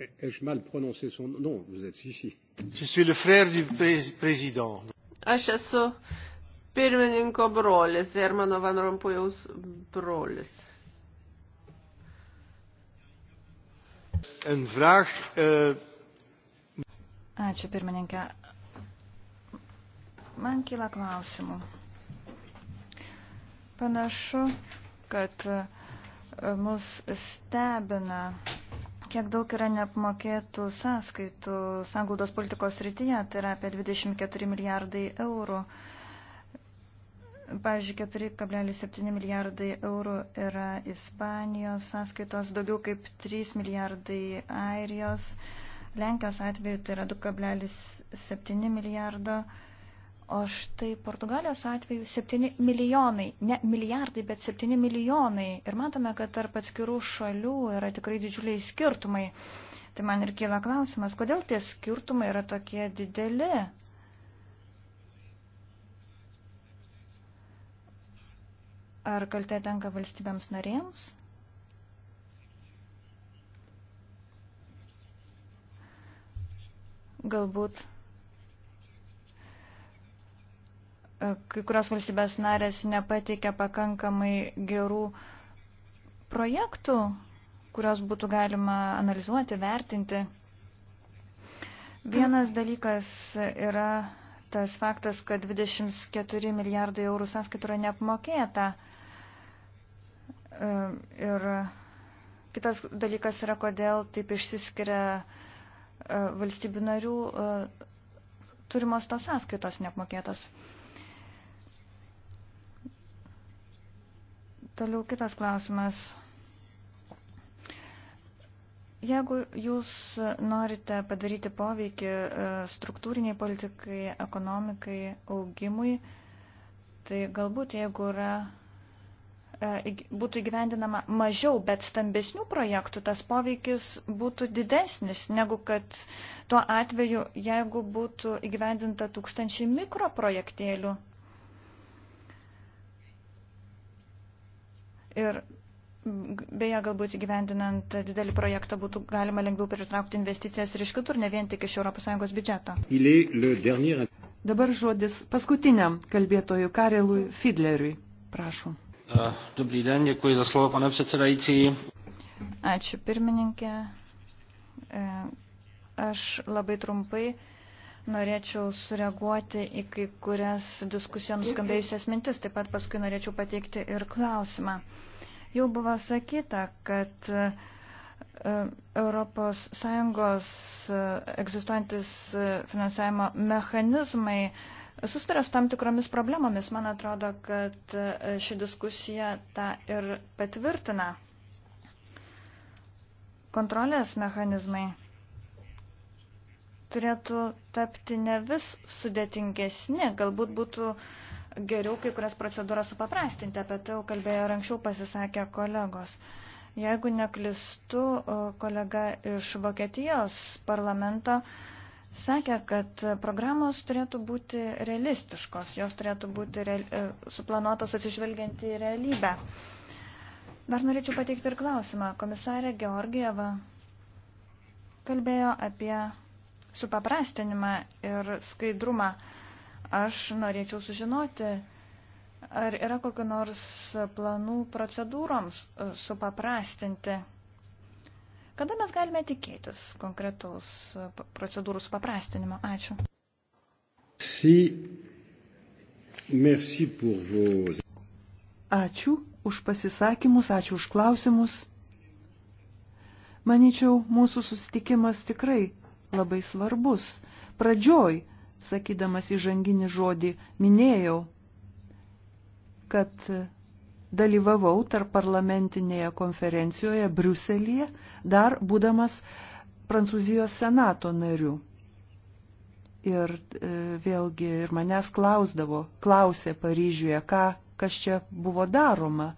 Ai-je mal prononcé son nom Vous êtes ici. Je suis le frère du président. Aš esu pirmininko brolis, Hermano Van Rompujaus brolis. een vraag. Uh... Ačiū, pirmininkė. Man kyla klausimų. Panašu, kad e, mus stebina, kiek daug yra neapmokėtų sąskaitų sanglaudos politikos rytyje, tai yra apie 24 milijardai eurų. Uh, Pavyzdžiui, 4,7 milijardai eurų yra Ispanijos sąskaitos, daugiau kaip 3 milijardai Airijos, Lenkijos atveju tai yra 2,7 milijardo, o štai Portugalijos atveju 7 milijonai, ne milijardai, bet 7 milijonai. Ir matome, kad tarp atskirų šalių yra tikrai didžiuliai skirtumai. Tai man ir kyla klausimas, kodėl tie skirtumai yra tokie dideli? Ar kaltė tenka valstybėms narėms? Galbūt e, kai kurios valstybės narės nepateikia pakankamai gerų projektų, kurios būtų galima analizuoti, vertinti. Vienas dalykas yra tas faktas, kad 24 milijardai eurų sąskaitų yra neapmokėta. Ehm, ir kitas dalykas yra, kodėl taip išsiskiria ehm, valstybių narių ehm, turimos tos sąskaitos neapmokėtos. Toliau kitas klausimas. Jeigu jūs norite padaryti poveikį e, struktūriniai politikai, ekonomikai, augimui, tai galbūt jeigu yra, e, būtų įgyvendinama mažiau, bet stambesnių projektų, tas poveikis būtų didesnis negu kad tuo atveju, jeigu būtų įgyvendinta tūkstančiai mikroprojektėlių. Ir Beje, galbūt įgyvendinant didelį projektą būtų galima lengviau pritraukti investicijas ir iš kitur, ne vien tik iš ES biudžeto. Dernier... Dabar žodis paskutiniam kalbėtojų Karelui Fidleriui. Prašom. Dobrý den, děkuji za slovo, pane předsedající. Ačiū pirmininkė. E, aš labai trumpai norėčiau sureaguoti į kai kurias diskusiją nuskambėjusias mintis, taip pat paskui norėčiau pateikti ir klausimą. Jau buvo sakyta, kad ES e, egzistuojantis e, finansavimo mechanizmai susiduria su tam tikromis problemomis. Man atrodo, kad e, ši diskusija tą ir patvirtina. Kontrolės mechanizmai turėtų tapti ne vis sudėtingesni, galbūt būtų uh, geriau kai kurias procedūras supaprastinti, apie tai jau kalbėjo ir anksčiau pasisakė kolegos. Jeigu neklistu, kolega iš Vokietijos parlamento sakė, kad programos turėtų būti realistiškos, jos turėtų būti real, e, suplanuotos atsižvelgiant į realybę. Dar norėčiau pateikti ir klausimą. Komisarė Georgieva kalbėjo apie supaprastinimą ir skaidrumą. Aš norėčiau sužinoti, ar yra kokiu nors planų procedūroms e, supaprastinti. Kada mes galime tikėtis konkretaus e, procedūrų supaprastinimo? Ačiū. Si. Merci pour vos... Ačiū už pasisakymus, ačiū už klausimus. Maničiau, mūsų susitikimas tikrai labai svarbus. Pradžioj sakydamas įžanginį žodį, minėjau, kad dalyvavau tarp parlamentinėje konferencijoje Briuselėje, dar būdamas Prancūzijos senato nariu. Ir e, vėlgi ir manęs klausdavo, klausė Paryžiuje, ką, kas čia buvo daroma.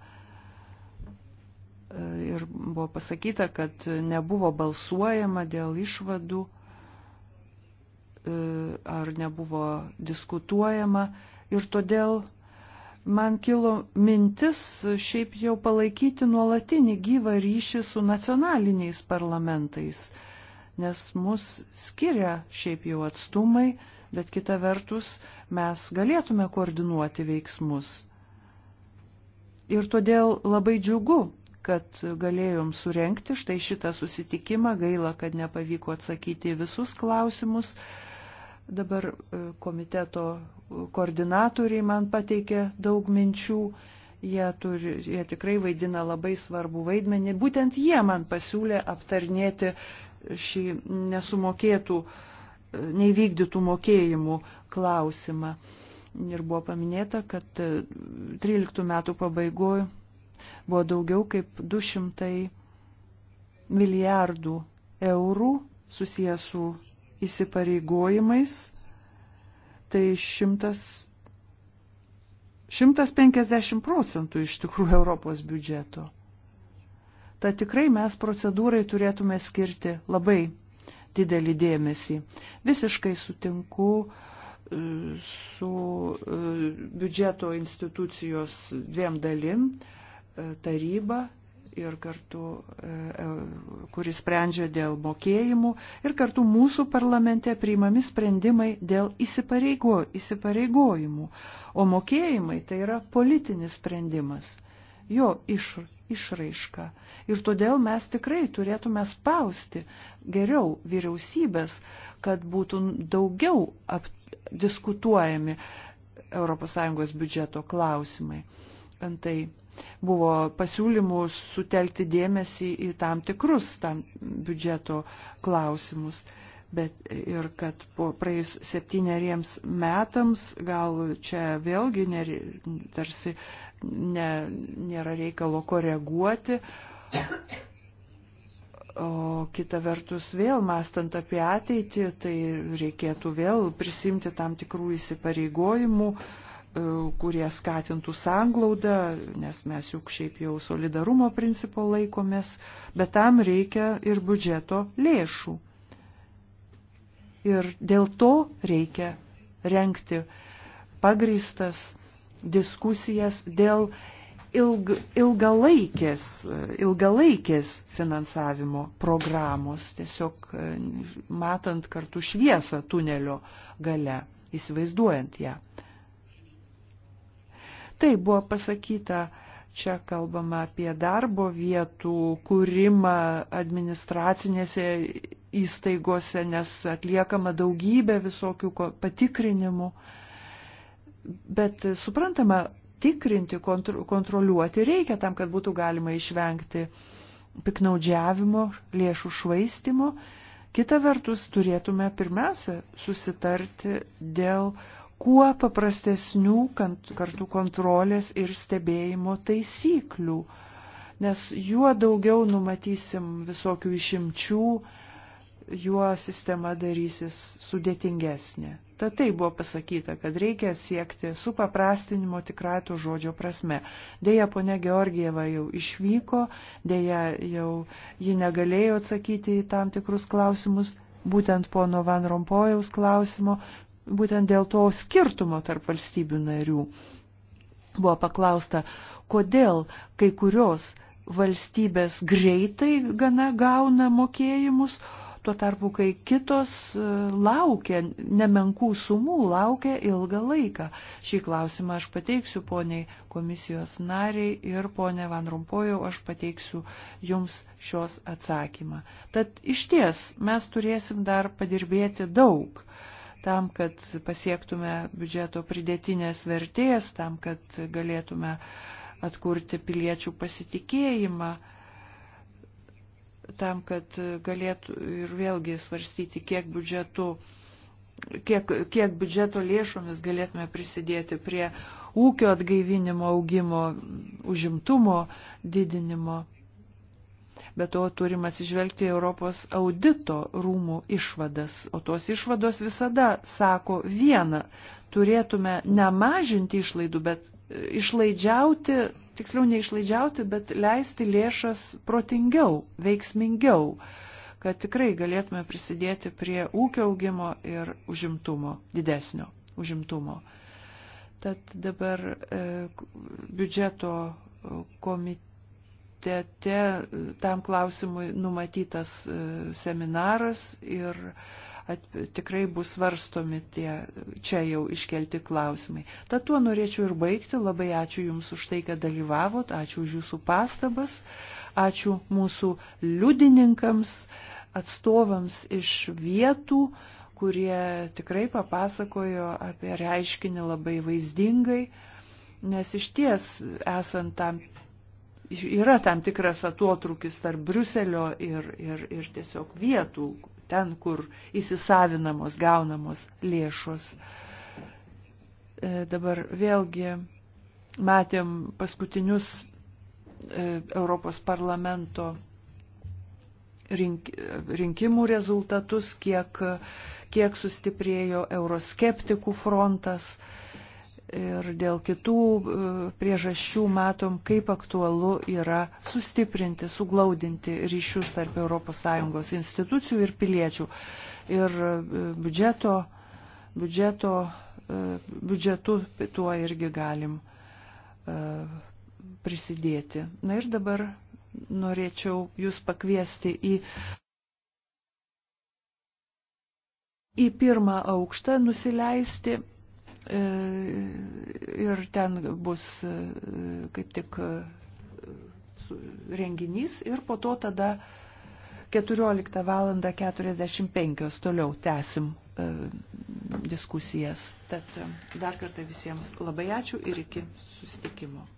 E, ir buvo pasakyta, kad nebuvo balsuojama dėl išvadų. E, E, ar nebuvo diskutuojama. Ir todėl man kilo mintis šiaip jau palaikyti nuolatinį gyvą ryšį su nacionaliniais parlamentais, nes mus skiria šiaip jau atstumai, bet kita vertus mes galėtume koordinuoti veiksmus. Ir todėl labai džiugu, kad galėjom surenkti štai šitą susitikimą, gaila, kad nepavyko atsakyti visus klausimus, Dabar e, komiteto koordinatoriai man pateikė daug minčių, jie, turi, jie tikrai vaidina labai svarbų vaidmenį. Būtent jie man pasiūlė aptarnėti šį nesumokėtų, e, neįvykdytų mokėjimų klausimą. Ir buvo paminėta, kad 13 e, metų pabaigoje buvo daugiau kaip 200 milijardų eurų susijęs su įsipareigojimais, tai 100, 150 procentų iš tikrųjų Europos biudžeto. Tad tikrai mes procedūrai turėtume skirti labai didelį dėmesį. Visiškai sutinku e, su e, biudžeto institucijos dviem dalim e, - taryba ir kartu, e, e, kuris sprendžia dėl mokėjimų, ir kartu mūsų parlamente priimami sprendimai dėl įsipareigo, įsipareigojimų. O mokėjimai tai yra politinis sprendimas, jo iš, išraiška. Ir todėl mes tikrai turėtume spausti geriau vyriausybės, kad būtų daugiau ap, diskutuojami ES biudžeto klausimai. Antai Buvo pasiūlymų sutelkti dėmesį į tam tikrus tam biudžeto klausimus bet ir kad po praėjus septyneriems metams gal čia vėlgi ner, tarsi ne, nėra reikalo koreguoti. O kita vertus vėl, mastant apie ateitį, tai reikėtų vėl prisimti tam tikrų įsipareigojimų, uh, E, kurie skatintų sanglaudą, nes mes juk šiaip jau solidarumo principo laikomės, bet tam reikia ir biudžeto lėšų. Ir dėl to reikia renkti pagristas diskusijas dėl ilg, ilgalaikės, ilgalaikės finansavimo programos, tiesiog e, matant kartu šviesą tunelio gale, įsivaizduojant ją. Ja. Tai buvo pasakyta, čia kalbama apie darbo vietų kūrimą administracinėse įstaigose, nes atliekama daugybė visokių patikrinimų. Bet suprantama, tikrinti, kontro, kontroliuoti reikia tam, kad būtų galima išvengti piknaudžiavimo, lėšų švaistimo. Kita vertus, turėtume pirmiausia susitarti dėl kuo paprastesnių kartų kontrolės ir stebėjimo taisyklių, nes juo daugiau numatysim visokių išimčių, juo sistema darysis sudėtingesnė. Tad tai buvo pasakyta, kad reikia siekti supaprastinimo tikrato žodžio prasme. Deja, ponia Georgieva jau išvyko, deja, jau ji negalėjo atsakyti į tam tikrus klausimus, būtent pono Van Rompojaus klausimo, būtent dėl to skirtumo tarp valstybių narių. Buvo paklausta, kodėl kai kurios valstybės greitai gana gauna mokėjimus, tuo tarpu kai kitos e, laukia nemenkų sumų, laukia ilgą laiką. Šį klausimą aš pateiksiu poniai komisijos nariai ir ponė Van Rumpojau, aš pateiksiu jums šios atsakymą. Tad iš ties mes turėsim dar padirbėti daug. Uh, tam, kad pasiektume biudžeto pridėtinės vertės, tam, kad galėtume atkurti piliečių pasitikėjimą, tam, kad galėtų ir vėlgi svarstyti, kiek biudžetu Kiek, kiek biudžeto lėšomis galėtume prisidėti prie ūkio atgaivinimo, augimo, užimtumo didinimo. Bet to turim atsižvelgti Europos audito rūmų išvadas, o tos išvados visada sako vieną, turėtume nemažinti išlaidų, bet e, išlaidžiauti, tiksliau neišlaidžiauti, bet leisti lėšas protingiau, veiksmingiau kad tikrai galėtume prisidėti prie ūkio augimo ir užimtumo, didesnio užimtumo. Tad dabar e, biudžeto e, komite komitete e, tam klausimui numatytas e, seminaras ir at, tikrai bus svarstomi tie čia jau iškelti klausimai. Tad tuo norėčiau ir baigti. Labai ačiū Jums už tai, kad dalyvavot, ačiū už Jūsų pastabas, ačiū mūsų liudininkams, atstovams iš vietų, kurie tikrai papasakojo apie reiškinį labai vaizdingai. Nes iš ties esant tam yra tam tikras atotrukis tarp Bruselio ir, ir, ir tiesiog vietų, ten, kur įsisavinamos, gaunamos lėšos. E, dabar vėlgi matėm paskutinius e, Europos parlamento rink, rinkimų rezultatus, kiek, kiek sustiprėjo euroskeptikų frontas. E, ir dėl kitų e, priežasčių matom, kaip aktualu yra sustiprinti, suglaudinti ryšius tarp ES institucijų ir piliečių. Ir e, biudžeto, biudžeto, e, biudžetu tuo irgi galim prisidėti. Na ir dabar norėčiau jūs pakviesti į į pirmą aukštą nusileisti E, ir ten bus e, kaip tik e, renginys ir po to tada 14 val. 45 toliau tęsim diskusijas. Tad dar kartą visiems labai ačiū ir iki susitikimo.